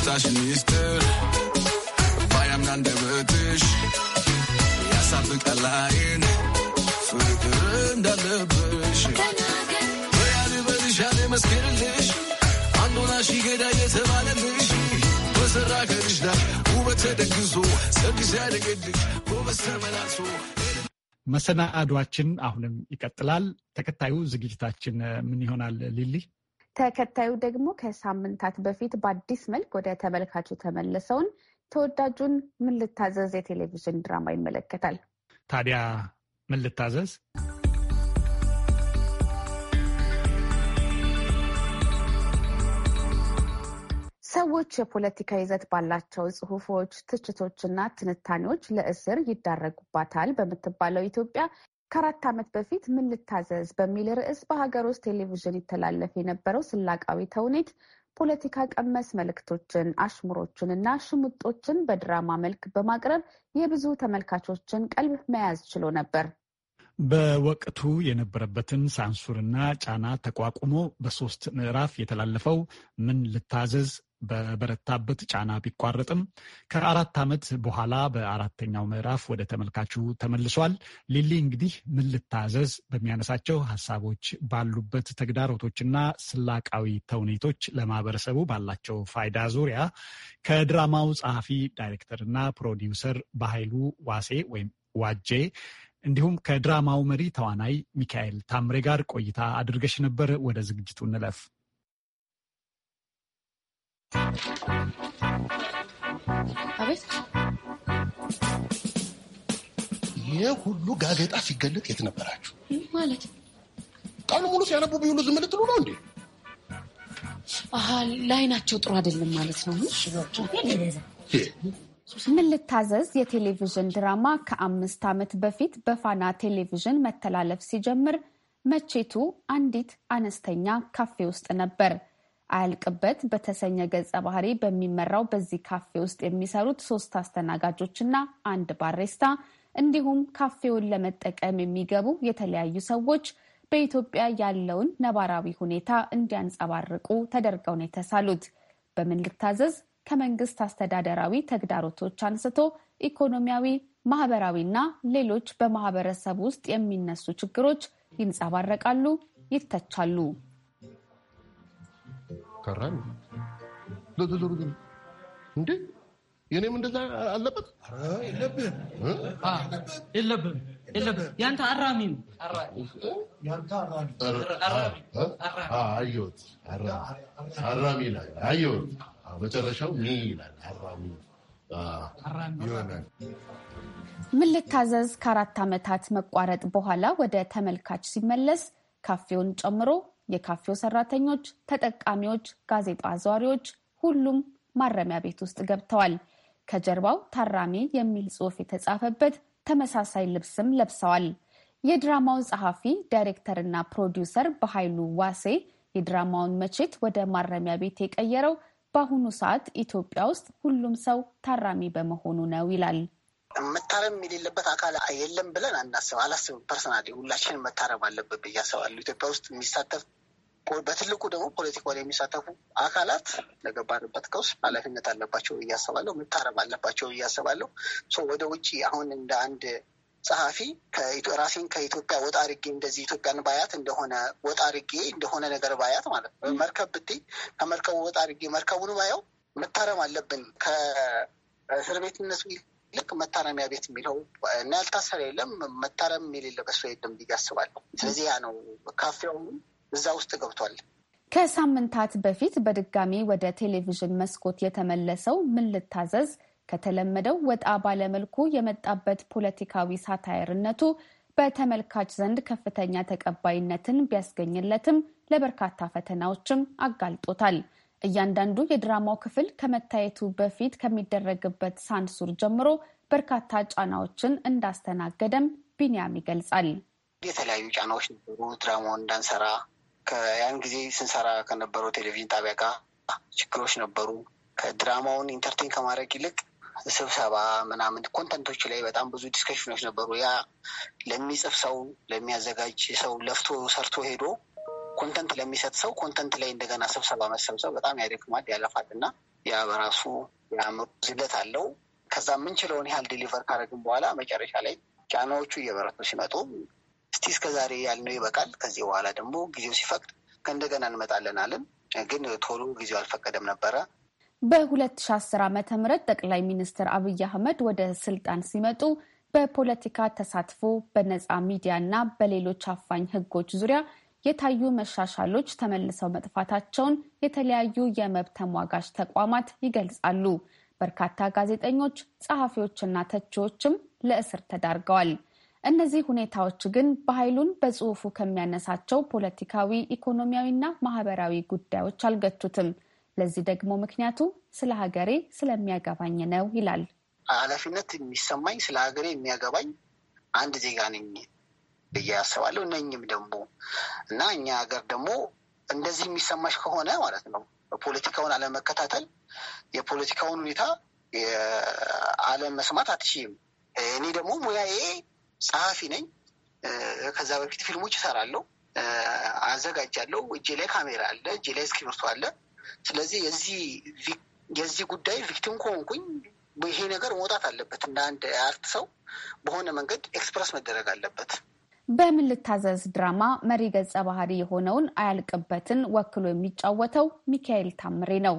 ቁጣሽን ሚስጥር ባያምና አንደበትሽ ያሳብቃል ዓይን ፍቅር እንዳለብሽ ሆያ ልበልሽ ያለ መስክርልሽ አንድ ሆናሽ ከተሰራ ከልጅ ናት ውበት ጎበዝ ተመላሶ መሰናዷችን አሁንም ይቀጥላል። ተከታዩ ዝግጅታችን ምን ይሆናል ሊሊ? ተከታዩ ደግሞ ከሳምንታት በፊት በአዲስ መልክ ወደ ተመልካቹ ተመለሰውን ተወዳጁን ምን ልታዘዝ የቴሌቪዥን ድራማ ይመለከታል። ታዲያ ምን ልታዘዝ ሰዎች የፖለቲካ ይዘት ባላቸው ጽሁፎች፣ ትችቶችና ትንታኔዎች ለእስር ይዳረጉባታል በምትባለው ኢትዮጵያ ከአራት ዓመት በፊት ምን ልታዘዝ በሚል ርዕስ በሀገር ውስጥ ቴሌቪዥን ይተላለፍ የነበረው ስላቃዊ ተውኔት ፖለቲካ ቀመስ መልእክቶችን፣ አሽሙሮችን እና ሽሙጦችን በድራማ መልክ በማቅረብ የብዙ ተመልካቾችን ቀልብ መያዝ ችሎ ነበር። በወቅቱ የነበረበትን ሳንሱርና ጫና ተቋቁሞ በሶስት ምዕራፍ የተላለፈው ምን ልታዘዝ በበረታበት ጫና ቢቋረጥም ከአራት ዓመት በኋላ በአራተኛው ምዕራፍ ወደ ተመልካቹ ተመልሷል። ሊሊ እንግዲህ ምን ልታዘዝ በሚያነሳቸው ሀሳቦች ባሉበት ተግዳሮቶችና ስላቃዊ ተውኔቶች ለማህበረሰቡ ባላቸው ፋይዳ ዙሪያ ከድራማው ጸሐፊ ዳይሬክተርና ፕሮዲውሰር በኃይሉ ዋሴ ወይም ዋጄ እንዲሁም ከድራማው መሪ ተዋናይ ሚካኤል ታምሬ ጋር ቆይታ አድርገሽ ነበር። ወደ ዝግጅቱ እንለፍ። አቤት ይህ ሁሉ ጋዜጣ ሲገለጥ የት ነበራችሁ? ማለት ቀኑ ሙሉ ሲያነቡ ቢውሉ ዝም ልትሉ ነው እንዴ? ላይናቸው ጥሩ አይደለም ማለት ነው። ምን ልታዘዝ የቴሌቪዥን ድራማ ከአምስት ዓመት በፊት በፋና ቴሌቪዥን መተላለፍ ሲጀምር መቼቱ አንዲት አነስተኛ ካፌ ውስጥ ነበር። አያልቅበት በተሰኘ ገጸ ባህሪ በሚመራው በዚህ ካፌ ውስጥ የሚሰሩት ሶስት አስተናጋጆችና አንድ ባሬስታ እንዲሁም ካፌውን ለመጠቀም የሚገቡ የተለያዩ ሰዎች በኢትዮጵያ ያለውን ነባራዊ ሁኔታ እንዲያንጸባርቁ ተደርገው ነው የተሳሉት። በምን ልታዘዝ ከመንግስት አስተዳደራዊ ተግዳሮቶች አንስቶ ኢኮኖሚያዊ፣ ማህበራዊና ሌሎች በማህበረሰብ ውስጥ የሚነሱ ችግሮች ይንጸባረቃሉ፣ ይተቻሉ። ከራም እንዴ የኔም እንደዛ አለበት የለብህም ያንተ አራሚ ነው አራሚ አራሚ መጨረሻው ሚ ይላል አራሚ ምን ልታዘዝ ከአራት ዓመታት መቋረጥ በኋላ ወደ ተመልካች ሲመለስ ካፌውን ጨምሮ የካፌው ሰራተኞች፣ ተጠቃሚዎች፣ ጋዜጣ አዘዋሪዎች ሁሉም ማረሚያ ቤት ውስጥ ገብተዋል። ከጀርባው ታራሚ የሚል ጽሑፍ የተጻፈበት ተመሳሳይ ልብስም ለብሰዋል። የድራማው ጸሐፊ ዳይሬክተርና ፕሮዲውሰር በኃይሉ ዋሴ የድራማውን መቼት ወደ ማረሚያ ቤት የቀየረው በአሁኑ ሰዓት ኢትዮጵያ ውስጥ ሁሉም ሰው ታራሚ በመሆኑ ነው ይላል። መታረም የሌለበት አካል የለም ብለን አናስብ አላስብም። ፐርሰናል ሁላችን መታረም አለበት ብዬ አስባለሁ። ኢትዮጵያ ውስጥ የሚሳተፍ በትልቁ ደግሞ ፖለቲካ ላይ የሚሳተፉ አካላት ለገባንበት ቀውስ ኃላፊነት አለባቸው ብዬ አስባለሁ። መታረም አለባቸው ብዬ አስባለሁ። ወደ ውጭ አሁን እንደ አንድ ጸሐፊ ራሴን ከኢትዮጵያ ወጣ አድርጌ እንደዚህ ኢትዮጵያን ባያት እንደሆነ ወጣ አድርጌ እንደሆነ ነገር ባያት ማለት ነው። መርከብ ብትይ ከመርከቡ ወጣ አድርጌ መርከቡን ባየው መታረም አለብን ከእስር ቤትነቱ ልክ መታረሚያ ቤት የሚለው እና ያልታሰረ የለም መታረም የሌለ በሱ የለም ብዬ አስባለሁ። ስለዚህ ያ ነው ካፌውም እዛ ውስጥ ገብቷል። ከሳምንታት በፊት በድጋሚ ወደ ቴሌቪዥን መስኮት የተመለሰው ምን ልታዘዝ ከተለመደው ወጣ ባለመልኩ የመጣበት ፖለቲካዊ ሳታየርነቱ በተመልካች ዘንድ ከፍተኛ ተቀባይነትን ቢያስገኝለትም ለበርካታ ፈተናዎችም አጋልጦታል። እያንዳንዱ የድራማው ክፍል ከመታየቱ በፊት ከሚደረግበት ሳንሱር ጀምሮ በርካታ ጫናዎችን እንዳስተናገደም ቢንያም ይገልጻል። የተለያዩ ጫናዎች ነበሩ። ድራማውን እንዳንሰራ ከያን ጊዜ ስንሰራ ከነበረው ቴሌቪዥን ጣቢያ ጋር ችግሮች ነበሩ። ከድራማውን ኢንተርቴን ከማድረግ ይልቅ ስብሰባ ምናምን ኮንተንቶች ላይ በጣም ብዙ ዲስከሽኖች ነበሩ። ያ ለሚጽፍ ሰው፣ ለሚያዘጋጅ ሰው ለፍቶ ሰርቶ ሄዶ ኮንተንት ለሚሰጥ ሰው ኮንተንት ላይ እንደገና ስብሰባ መሰብሰብ በጣም ያደክማል፣ ያለፋል እና ያ በራሱ የአእምሮ ዝለት አለው። ከዛ የምንችለውን ያህል ዲሊቨር ካደረግን በኋላ መጨረሻ ላይ ጫናዎቹ እየበረቱ ሲመጡ እስቲ እስከዛሬ ያልነው ይበቃል፣ ከዚህ በኋላ ደግሞ ጊዜው ሲፈቅድ ከእንደገና እንመጣለን አለን። ግን ቶሎ ጊዜው አልፈቀደም ነበረ። በ2010 ዓ ም ጠቅላይ ሚኒስትር አብይ አህመድ ወደ ስልጣን ሲመጡ በፖለቲካ ተሳትፎ በነፃ ሚዲያ እና በሌሎች አፋኝ ሕጎች ዙሪያ የታዩ መሻሻሎች ተመልሰው መጥፋታቸውን የተለያዩ የመብት ተሟጋች ተቋማት ይገልጻሉ። በርካታ ጋዜጠኞች፣ ጸሐፊዎችና ተቺዎችም ለእስር ተዳርገዋል። እነዚህ ሁኔታዎች ግን በኃይሉን በጽሑፉ ከሚያነሳቸው ፖለቲካዊ፣ ኢኮኖሚያዊና ማህበራዊ ጉዳዮች አልገቱትም። ለዚህ ደግሞ ምክንያቱ ስለ ሀገሬ ስለሚያገባኝ ነው ይላል። ኃላፊነት የሚሰማኝ ስለ ሀገሬ የሚያገባኝ አንድ ዜጋ ነኝ ብዬ ያስባለሁ እነኝም ደግሞ እና እኛ ሀገር ደግሞ እንደዚህ የሚሰማሽ ከሆነ ማለት ነው ፖለቲካውን አለመከታተል፣ የፖለቲካውን ሁኔታ አለመስማት አትችይም። እኔ ደግሞ ሙያዬ ጸሐፊ ነኝ። ከዛ በፊት ፊልሞች እሰራለሁ፣ አዘጋጃለሁ። እጄ ላይ ካሜራ አለ፣ እጄ ላይ እስክሪብቶ አለ። ስለዚህ የዚህ የዚህ ጉዳይ ቪክቲም ከሆንኩኝ ይሄ ነገር መውጣት አለበት። እንደ አንድ አርት ሰው በሆነ መንገድ ኤክስፕረስ መደረግ አለበት። በምን ልታዘዝ ድራማ መሪ ገጸ ባህሪ የሆነውን አያልቅበትን ወክሎ የሚጫወተው ሚካኤል ታምሬ ነው።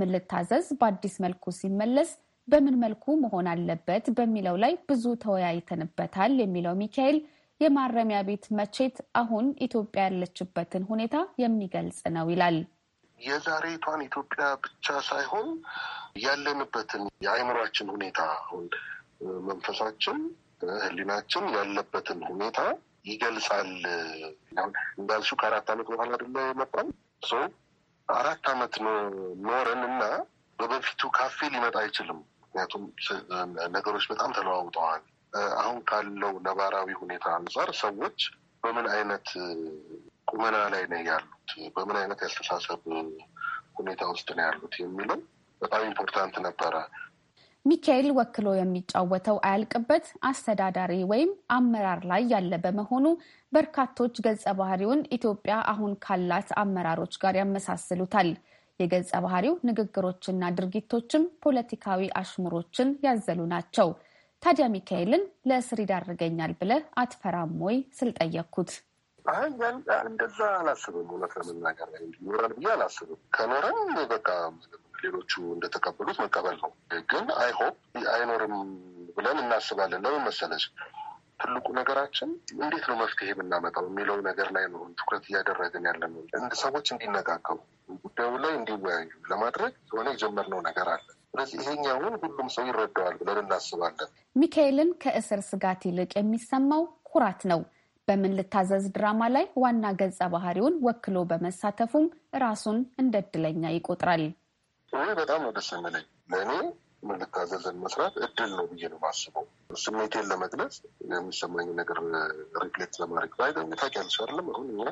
ምን ልታዘዝ በአዲስ መልኩ ሲመለስ በምን መልኩ መሆን አለበት በሚለው ላይ ብዙ ተወያይተንበታል የሚለው ሚካኤል የማረሚያ ቤት መቼት አሁን ኢትዮጵያ ያለችበትን ሁኔታ የሚገልጽ ነው ይላል። የዛሬቷን ኢትዮጵያ ብቻ ሳይሆን ያለንበትን የአይምሯችን ሁኔታ አሁን መንፈሳችን፣ ህሊናችን ያለበትን ሁኔታ ይገልጻል። እንዳልሽው ከአራት ዓመት በኋላ አይደለ መጣም አራት ዓመት ኖረን እና በበፊቱ ካፌ ሊመጣ አይችልም። ምክንያቱም ነገሮች በጣም ተለዋውጠዋል። አሁን ካለው ነባራዊ ሁኔታ አንጻር ሰዎች በምን አይነት ቁመና ላይ ነው ያሉት፣ በምን አይነት ያስተሳሰብ ሁኔታ ውስጥ ነው ያሉት የሚለው በጣም ኢምፖርታንት ነበረ። ሚካኤል ወክሎ የሚጫወተው አያልቅበት አስተዳዳሪ ወይም አመራር ላይ ያለ በመሆኑ በርካቶች ገጸ ባህሪውን ኢትዮጵያ አሁን ካላት አመራሮች ጋር ያመሳስሉታል። የገጸ ባህሪው ንግግሮችና ድርጊቶችም ፖለቲካዊ አሽሙሮችን ያዘሉ ናቸው። ታዲያ ሚካኤልን ለእስር ይዳርገኛል ብለህ አትፈራም ወይ ስል ጠየቅኩት። አይ ያን እንደዛ አላስብም። እውነት ለመናገር ይኖራል ብዬ አላስብም። ከኖረን በቃ ሌሎቹ እንደተቀበሉት መቀበል ነው። ግን አይሆፕ አይኖርም ብለን እናስባለን። ለምን መሰለች ትልቁ ነገራችን እንዴት ነው መፍትሄ የምናመጣው የሚለው ነገር ላይ ነው ትኩረት እያደረግን ያለ ነው። ሰዎች እንዲነጋገሩ ጉዳዩ ላይ እንዲወያዩ ለማድረግ የሆነ የጀመርነው ነገር አለ። ስለዚህ ይሄኛውን ሁሉም ሰው ይረዳዋል ብለን እናስባለን። ሚካኤልን ከእስር ስጋት ይልቅ የሚሰማው ኩራት ነው። በምን ልታዘዝ ድራማ ላይ ዋና ገጸ ባህሪውን ወክሎ በመሳተፉም ራሱን እንደ እድለኛ ይቆጥራል። ይህ በጣም ነው ደስ የሚለኝ። ለእኔ ምን ልታዘዝን መስራት እድል ነው ብዬ ነው ማስበው። ስሜቴን ለመግለጽ የሚሰማኝ ነገር ሪፕሌት ለማድረግ ላይ ታውቂያለሽ አይደለም? አሁን እኛ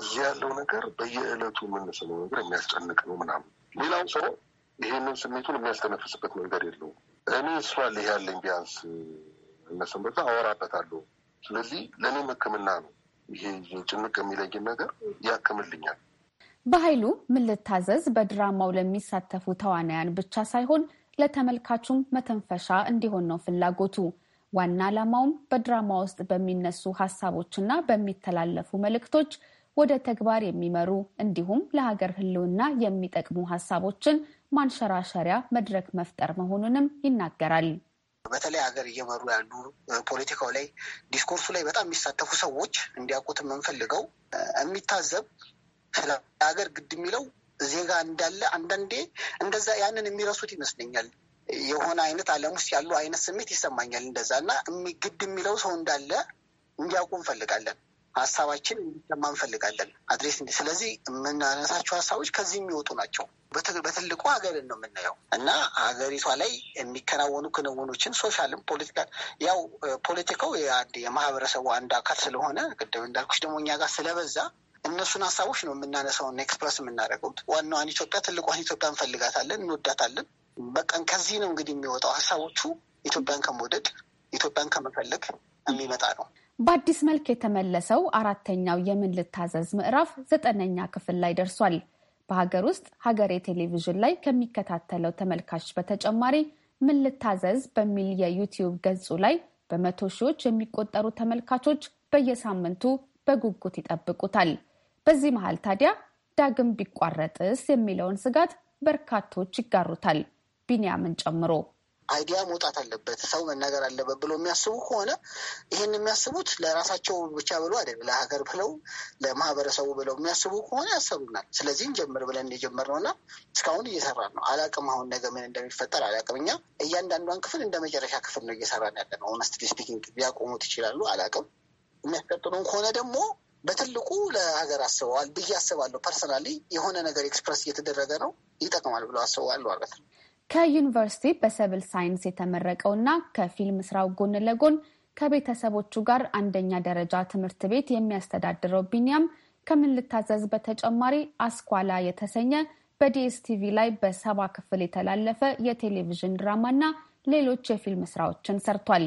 እዚህ ያለው ነገር በየዕለቱ የምንሰማው ነገር የሚያስጨንቅ ነው ምናምን። ሌላው ሰው ይህንን ስሜቱን የሚያስተነፍስበት መንገድ የለውም። እኔ እሷ ይህ ያለኝ ቢያንስ እነሱን በዛ አወራበታለሁ ስለዚህ ለእኔም ህክምና ነው። ይሄ ጭንቅ የሚለይን ነገር ያክምልኛል። በኃይሉ ምን ልታዘዝ በድራማው ለሚሳተፉ ተዋናያን ብቻ ሳይሆን ለተመልካቹም መተንፈሻ እንዲሆን ነው ፍላጎቱ። ዋና ዓላማውም በድራማ ውስጥ በሚነሱ ሀሳቦችና በሚተላለፉ መልእክቶች ወደ ተግባር የሚመሩ እንዲሁም ለሀገር ህልውና የሚጠቅሙ ሀሳቦችን ማንሸራሸሪያ መድረክ መፍጠር መሆኑንም ይናገራል። በተለይ ሀገር እየመሩ ያሉ ፖለቲካው ላይ ዲስኮርሱ ላይ በጣም የሚሳተፉ ሰዎች እንዲያውቁት የምንፈልገው የሚታዘብ ስለ ሀገር ግድ የሚለው ዜጋ እንዳለ አንዳንዴ እንደዛ ያንን የሚረሱት ይመስለኛል። የሆነ አይነት ዓለም ውስጥ ያሉ አይነት ስሜት ይሰማኛል እንደዛ እና ግድ የሚለው ሰው እንዳለ እንዲያውቁ እንፈልጋለን። ሀሳባችን እንዲሰማ እንፈልጋለን። አትሊስት ስለዚህ የምናነሳቸው ሀሳቦች ከዚህ የሚወጡ ናቸው። በትልቁ ሀገርን ነው የምናየው እና ሀገሪቷ ላይ የሚከናወኑ ክንውኖችን ሶሻልም፣ ፖለቲካ ያው ፖለቲካው የማህበረሰቡ አንድ አካል ስለሆነ ቅድም እንዳልኩሽ ደግሞ እኛ ጋር ስለበዛ እነሱን ሀሳቦች ነው የምናነሳውን ኤክስፕረስ የምናደርገው። ዋናዋን ኢትዮጵያ ትልቋን ኢትዮጵያ እንፈልጋታለን፣ እንወዳታለን። በቀን ከዚህ ነው እንግዲህ የሚወጣው ሀሳቦቹ ኢትዮጵያን ከመውደድ ኢትዮጵያን ከመፈለግ የሚመጣ ነው። በአዲስ መልክ የተመለሰው አራተኛው የምን ልታዘዝ ምዕራፍ ዘጠነኛ ክፍል ላይ ደርሷል። በሀገር ውስጥ ሀገሬ ቴሌቪዥን ላይ ከሚከታተለው ተመልካች በተጨማሪ ምን ልታዘዝ በሚል የዩቲዩብ ገጹ ላይ በመቶ ሺዎች የሚቆጠሩ ተመልካቾች በየሳምንቱ በጉጉት ይጠብቁታል። በዚህ መሀል ታዲያ ዳግም ቢቋረጥስ የሚለውን ስጋት በርካቶች ይጋሩታል፣ ቢንያምን ጨምሮ። አይዲያ መውጣት አለበት፣ ሰው መናገር አለበት ብሎ የሚያስቡ ከሆነ ይህን የሚያስቡት ለራሳቸው ብቻ ብሎ አይደለም፣ ለሀገር ብለው ለማህበረሰቡ ብለው የሚያስቡ ከሆነ ያሰሩናል። ስለዚህ እንጀምር ብለን የጀመርነው እና እስካሁን እየሰራን ነው። አላቅም አሁን ነገ ምን እንደሚፈጠር አላቅም። እኛ እያንዳንዷን ክፍል እንደ መጨረሻ ክፍል ነው እየሰራን ያለ ነው። ሆነስትሊ ስፒኪንግ ሊያቆሙት ይችላሉ፣ አላቅም። የሚያስቀጥሉን ከሆነ ደግሞ በትልቁ ለሀገር አስበዋል ብዬ አስባለሁ። ፐርሰናሊ የሆነ ነገር ኤክስፕረስ እየተደረገ ነው ይጠቅማል ብሎ አስበዋል ማለት ነው። ከዩኒቨርሲቲ በሰብል ሳይንስ የተመረቀውና ከፊልም ስራው ጎን ለጎን ከቤተሰቦቹ ጋር አንደኛ ደረጃ ትምህርት ቤት የሚያስተዳድረው ቢኒያም ልታዘዝ በተጨማሪ አስኳላ የተሰኘ በዲኤስቲቪ ላይ በሰባ ክፍል የተላለፈ የቴሌቪዥን ድራማና ሌሎች የፊልም ስራዎችን ሰርቷል።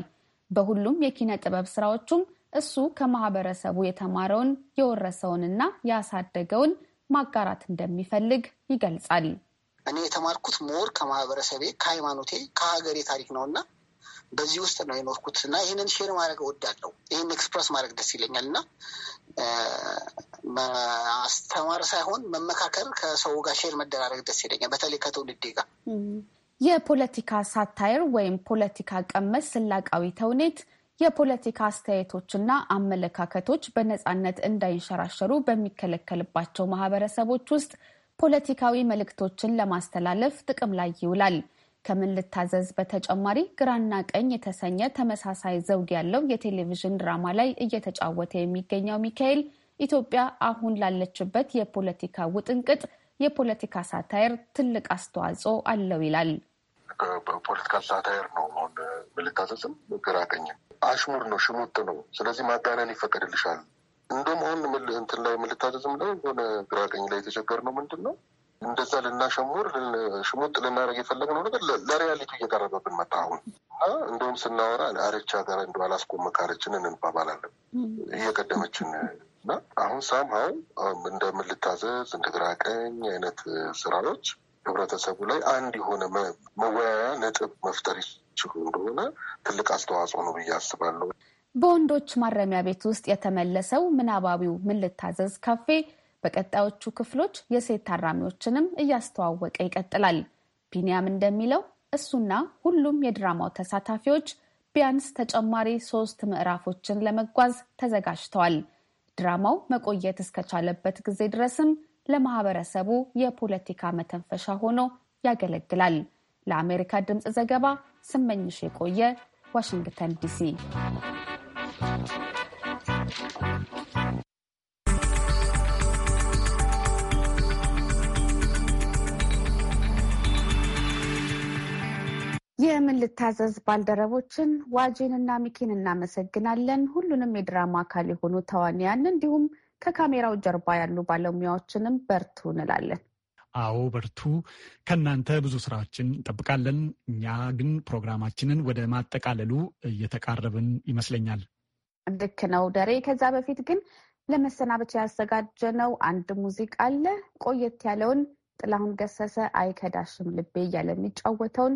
በሁሉም የኪነ ጥበብ ስራዎቹም እሱ ከማህበረሰቡ የተማረውን የወረሰውንና ያሳደገውን ማጋራት እንደሚፈልግ ይገልጻል። እኔ የተማርኩት ሞር ከማህበረሰቤ፣ ከሃይማኖቴ፣ ከሀገሬ ታሪክ ነው እና በዚህ ውስጥ ነው የኖርኩት እና ይህንን ሼር ማድረግ እወዳለሁ። ይህን ኤክስፕረስ ማድረግ ደስ ይለኛል እና አስተማር ሳይሆን መመካከር፣ ከሰው ጋር ሼር መደራረግ ደስ ይለኛል፣ በተለይ ከትውልዴ ጋር። የፖለቲካ ሳታይር ወይም ፖለቲካ ቀመስ ስላቃዊ ተውኔት የፖለቲካ አስተያየቶችና አመለካከቶች በነፃነት እንዳይንሸራሸሩ በሚከለከልባቸው ማህበረሰቦች ውስጥ ፖለቲካዊ መልእክቶችን ለማስተላለፍ ጥቅም ላይ ይውላል። ከምን ልታዘዝ በተጨማሪ ግራና ቀኝ የተሰኘ ተመሳሳይ ዘውግ ያለው የቴሌቪዥን ድራማ ላይ እየተጫወተ የሚገኘው ሚካኤል ኢትዮጵያ አሁን ላለችበት የፖለቲካ ውጥንቅጥ የፖለቲካ ሳታየር ትልቅ አስተዋጽኦ አለው ይላል። በፖለቲካ ሳታየር ነው አሁን ምን ልታዘዝም ግራ ቀኝም አሽሙር ነው፣ ሽሙጥ ነው። ስለዚህ ማጋነን ይፈቀድልሻል እንደውም አሁን ምልህ እንትን ላይ ምልታዘዝም ላይ የሆነ ግራቀኝ ላይ የተቸገር ነው ምንድን ነው እንደዛ ልናሸሙር ሽሙጥ ልናደርግ የፈለግነው ነገር ለሪያሊቲ እየቀረበብን መጣ። አሁን እና እንደውም ስናወራ አረቻ ጋር እንደ አላስቆመካረችን እንባባላለን እየቀደመችን እና አሁን ሳምሀው እንደ ምልታዘዝ እንደ ግራቀኝ አይነት ስራዎች ህብረተሰቡ ላይ አንድ የሆነ መወያያ ነጥብ መፍጠር ይችሉ እንደሆነ ትልቅ አስተዋጽኦ ነው ብዬ አስባለሁ። በወንዶች ማረሚያ ቤት ውስጥ የተመለሰው ምናባዊው ምን ልታዘዝ ካፌ በቀጣዮቹ ክፍሎች የሴት ታራሚዎችንም እያስተዋወቀ ይቀጥላል። ቢኒያም እንደሚለው እሱና ሁሉም የድራማው ተሳታፊዎች ቢያንስ ተጨማሪ ሶስት ምዕራፎችን ለመጓዝ ተዘጋጅተዋል። ድራማው መቆየት እስከቻለበት ጊዜ ድረስም ለማህበረሰቡ የፖለቲካ መተንፈሻ ሆኖ ያገለግላል። ለአሜሪካ ድምፅ ዘገባ ስመኝሽ የቆየ ዋሽንግተን ዲሲ የምን ልታዘዝ ባልደረቦችን ዋጂንና ሚኪን እናመሰግናለን። ሁሉንም የድራማ አካል የሆኑ ተዋንያን እንዲሁም ከካሜራው ጀርባ ያሉ ባለሙያዎችንም በርቱ እንላለን። አዎ በርቱ። ከእናንተ ብዙ ስራዎችን እንጠብቃለን። እኛ ግን ፕሮግራማችንን ወደ ማጠቃለሉ እየተቃረብን ይመስለኛል። ልክ ነው ደሬ። ከዛ በፊት ግን ለመሰናበቻ ያዘጋጀነው አንድ ሙዚቃ አለ። ቆየት ያለውን ጥላሁን ገሰሰ አይከዳሽም ልቤ እያለ የሚጫወተውን